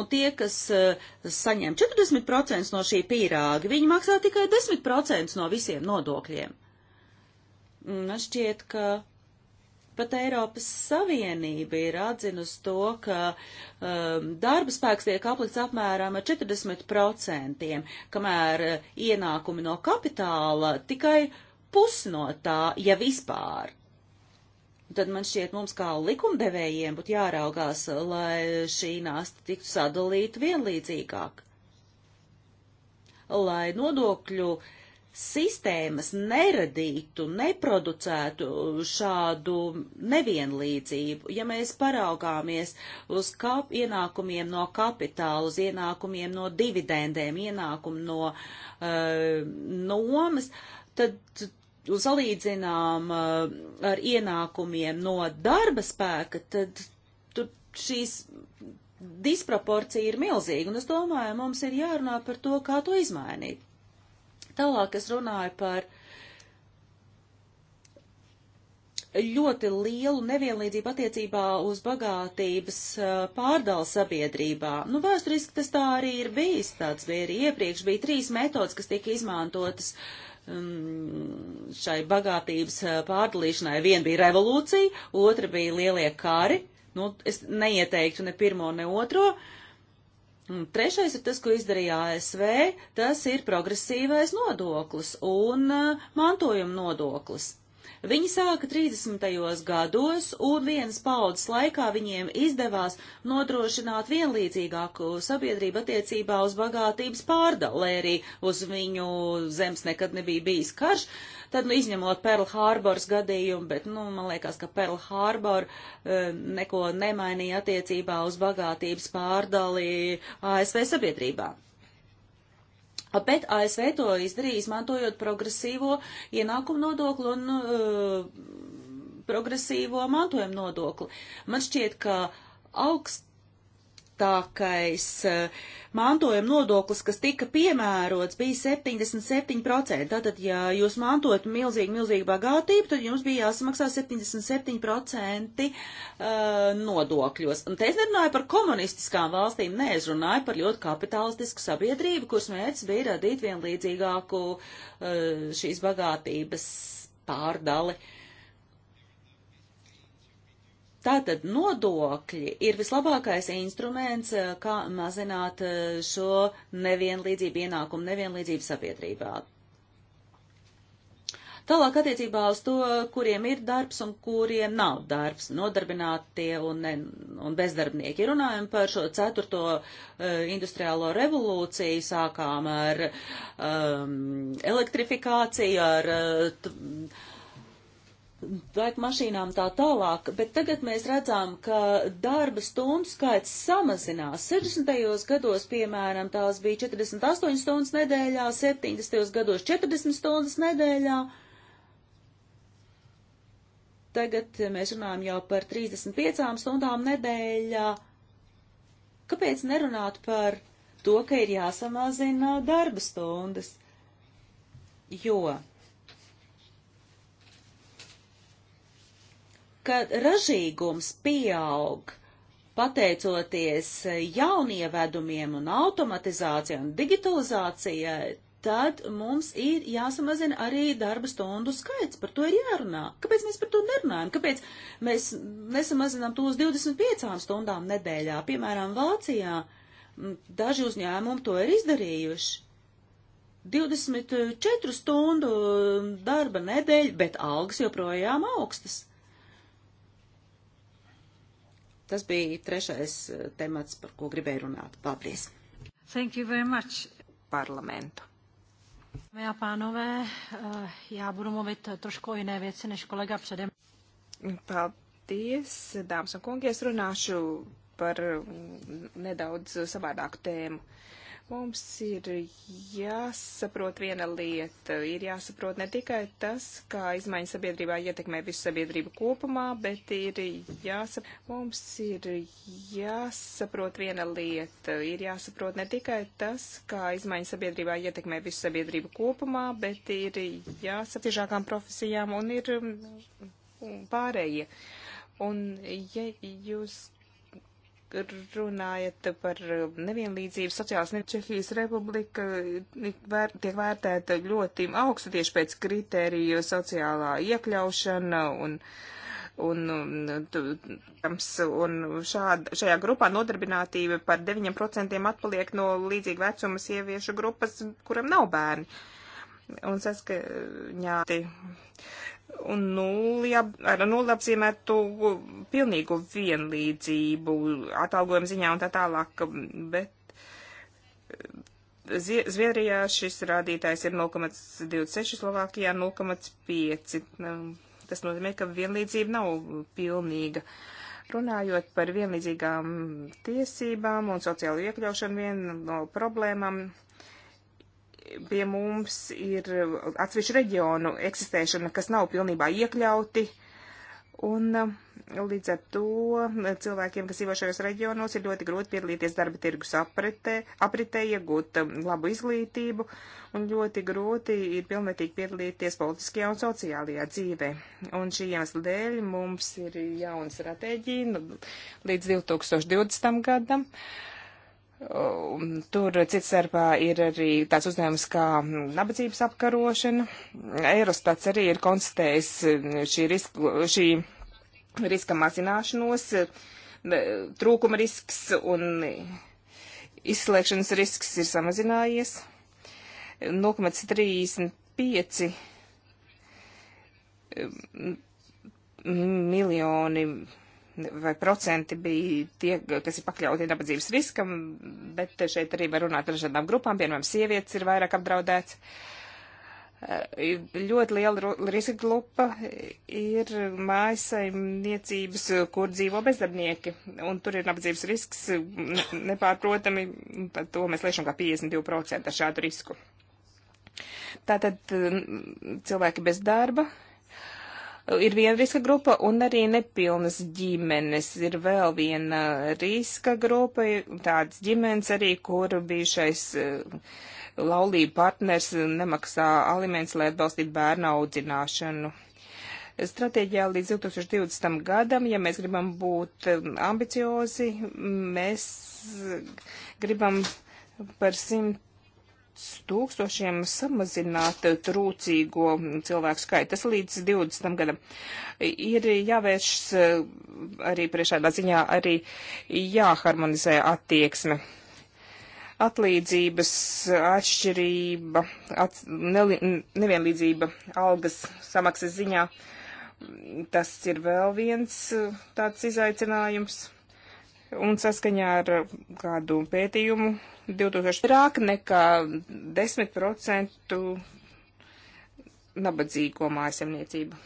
Un tie, kas uh, saņem 40% no šī pīrāga, viņi maksā tikai 10% no visiem nodokļiem. Man šķiet, ka Pat Eiropas Savienība ir atzinusi to, ka um, darba spēks tiek aplikts apmēram 40%, kamēr uh, ienākumi no kapitāla tikai pusi no tā, ja vispār tad man šķiet mums kā likumdevējiem būtu jāraugās, lai šī nasta tiktu sadalīta vienlīdzīgāk. Lai nodokļu sistēmas neradītu, neproducētu šādu nevienlīdzību. Ja mēs paraugāmies uz kap, ienākumiem no kapitāla, uz ienākumiem no dividendēm, ienākumu no uh, nomas, tad salīdzinām uh, ar ienākumiem no darba spēka, tad tur šīs disproporcija ir milzīga, un es domāju, mums ir jārunā par to, kā to izmainīt. Tālāk es runāju par ļoti lielu nevienlīdzību attiecībā uz bagātības pārdalu sabiedrībā. Nu, vēsturiski tas tā arī ir bijis. Tāds bija arī iepriekš. Bija trīs metodas, kas tika izmantotas um, šai bagātības pārdalīšanai. Viena bija revolūcija, otra bija lielie kari. Nu, es neieteiktu ne pirmo, ne otro. Uh, Un mm, trešais ir tas, ko izdarīja ASV, tas ir progresīvais nodoklis un uh, mantojuma nodoklis. Viņi sāka 30. gados, un vienas paudzes laikā viņiem izdevās nodrošināt vienlīdzīgāku sabiedrību attiecībā uz bagātības pārdalē, arī uz viņu zemes nekad nebija bijis karš. Tad, nu, izņemot Pearl Harbors gadījumu, bet, nu, man liekas, ka Pearl Harbor e, neko nemainīja attiecībā uz bagātības pārdali ASV sabiedrībā. Bet ASV to izdarīja, izmantojot progresīvo ienākumu nodokli un uh, progresīvo mantojuma nodokli. Man šķiet, ka augst augstākais eh, mantojuma nodoklis, kas tika piemērots, bija 77%. Tātad, ja jūs mantojat milzīgu, milzīgu bagātību, tad jums bija jāsamaksā 77% eh, nodokļos. Un te es nerunāju par komunistiskām valstīm, nē, es runāju par ļoti kapitalistisku sabiedrību, kuras mērķis bija radīt vienlīdzīgāku eh, šīs bagātības pārdali. Uh, Tātad nodokļi ir vislabākais instruments, eh, kā mazināt eh, šo nevienlīdzību ienākumu, nevienlīdzību sabiedrībā. Tālāk attiecībā uz to, kuriem ir darbs un kuriem nav darbs, nodarbinātie un, ne, un bezdarbnieki. Runājam par šo ceturto uh, industriālo revolūciju, sākām ar um, elektrifikāciju, ar uh, laika mašīnām tā tālāk, bet tagad mēs redzam, ka darba stundu skaits samazinās. 60. gados, piemēram, tās bija 48 stundas nedēļā, 70. gados 40 stundas nedēļā. Tagad mēs runājam jau par 35 stundām nedēļā. Kāpēc nerunāt par to, ka ir jāsamazina darba stundas? Jo ka ražīgums pieaug pateicoties jaunievedumiem un automatizācijai un digitalizācijai, tad mums ir jāsamazina arī darba stundu skaits. Par to ir jārunā. Kāpēc mēs par to nerunājam? Kāpēc mēs nesamazinām to uz 25 stundām nedēļā? Piemēram, Vācijā daži uzņēmumi to ir izdarījuši. 24 stundu darba nedēļa, bet algas joprojām augstas. Tas bija trešais eh, temats, par ko gribēju runāt. Paldies! Thank you very much. Parlamentu. Dámy a pánové, eh, já budu mluvit eh, trošku o jiné věci než kolega předem. Paldies, dāmas un kungi, es runāšu par mm, nedaudz savādāku tēmu. Uh, Mums ir jāsaprot viena lieta, ir jāsaprot ne tikai tas, kā izmaiņas sabiedrībā ietekmē visu sabiedrību kopumā, bet ir jāsaprot, mums ir jāsaprot viena lieta, ir jāsaprot ne tikai tas, kā izmaiņas sabiedrībā ietekmē visu sabiedrību kopumā, bet ir jāsaprot tiešākām profesijām un ir mm, pārējie. Un, ja jūs runājat par eh, nevienlīdzību sociālas Čehijas republika eh, vēr, tiek vērtēta ļoti augstu tieši pēc kritēriju sociālā iekļaušana un, un, un, un šād, šajā grupā nodarbinātība par 9% atpaliek no līdzīga vecuma sieviešu grupas, kuram nav bērni. Un saskaņāti un nulli, ar nulli apzīmētu pilnīgu vienlīdzību atalgojuma ziņā un tā tālāk, bet eh, Zviedrijā šis rādītājs ir 0,26, Slovākijā 0,5. Nu, tas nozīmē, ka vienlīdzība nav pilnīga. Runājot par vienlīdzīgām tiesībām un sociālo iekļaušanu, viena no problēmām pie mums ir atsevišķu reģionu eksistēšana, kas nav pilnībā iekļauti. Un um, līdz ar to cilvēkiem, kas dzīvo šajos reģionos, ir ļoti grūti piedalīties darba tirgus apritē, apritē iegūt um, labu izglītību un ļoti grūti ir pilnvērtīgi piedalīties politiskajā un sociālajā dzīvē. Un šī iemesla dēļ mums ir jauna stratēģija nu, līdz 2020. gadam. Uh, Tur cits starpā ir arī tāds uzdevums kā nabadzības apkarošana. Eirostats arī ir konstatējis eh, šī, risku, šī riska mazināšanos, eh, trūkuma risks un izslēgšanas risks ir samazinājies. 0,35 miljoni vai procenti bija tie, kas ir pakļauti nabadzības riskam, bet šeit arī var runāt ar dažādām grupām, piemēram, sievietes ir vairāk apdraudēts. Eh, ļoti liela riska grupa ir mājasaimniecības, kur dzīvo bezdarbnieki, un tur ir nabadzības risks nepārprotami, tad to mēs liešam kā 52% ar šādu risku. Tātad cilvēki bez darba, ir viena riska grupa un arī nepilnas ģimenes. Ir vēl viena riska grupa, tādas ģimenes arī, kur bijušais eh, laulība partners nemaksā aliments, lai atbalstītu bērnu audzināšanu stratēģijā līdz 2020. gadam, ja mēs gribam būt eh, ambiciozi, mēs eh, gribam par simt tūkstošiem samazināt trūcīgo cilvēku skaitu. Tas līdz 20. gadam ir jāvēršas eh, arī priekšādā ziņā arī jāharmonizē attieksme. Atlīdzības atšķirība, at, ne, nevienlīdzība algas samaksas ziņā, tas ir vēl viens eh, tāds izaicinājums. Un saskaņā ar eh, kādu pētījumu 2000 vairāk nekā 10% nabadzīgo mājasemniecību.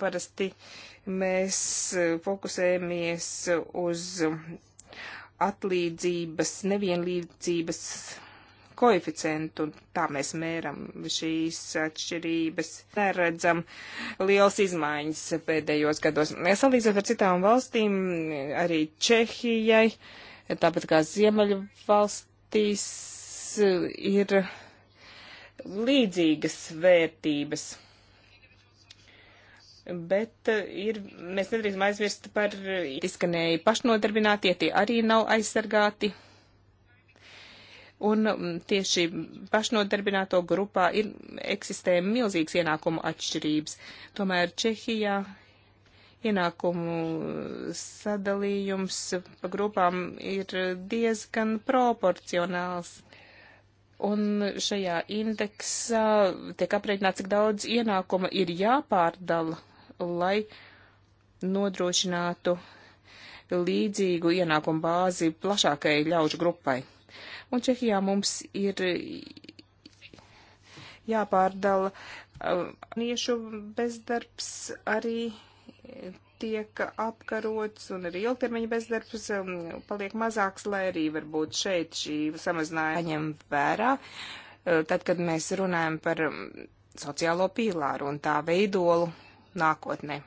Parasti mēs e, fokusējamies uz atlīdzības, nevienlīdzības koeficientu, un tā mēs mēram šīs atšķirības. Neredzam liels izmaiņas pēdējos gados. Salīdzinot ar citām valstīm, arī Čehijai, tāpat kā Ziemeļu valsts valstīs e, ir līdzīgas vērtības. Bet e, ir, mēs nedrīkstam aizvirst par e, izskanēju pašnodarbinātie, tie arī nav aizsargāti. Un tieši pašnodarbināto grupā ir eksistē milzīgas ienākumu atšķirības. Tomēr Čehijā ienākumu sadalījums pa grupām ir diezgan proporcionāls. Un šajā indeksā tiek aprēķināts, cik daudz ienākuma ir jāpārdala, lai nodrošinātu līdzīgu ienākumu bāzi plašākai ļaužu grupai. Un Čehijā mums ir jāpārdala uh, niešu bezdarbs arī tiek apkarots un arī ilgtermiņa bezdarbs um, paliek mazāks, lai arī varbūt šeit šī samazinājuma ņem vērā. Uh, tad, kad mēs runājam par um, sociālo pīlāru un tā veidolu nākotnē.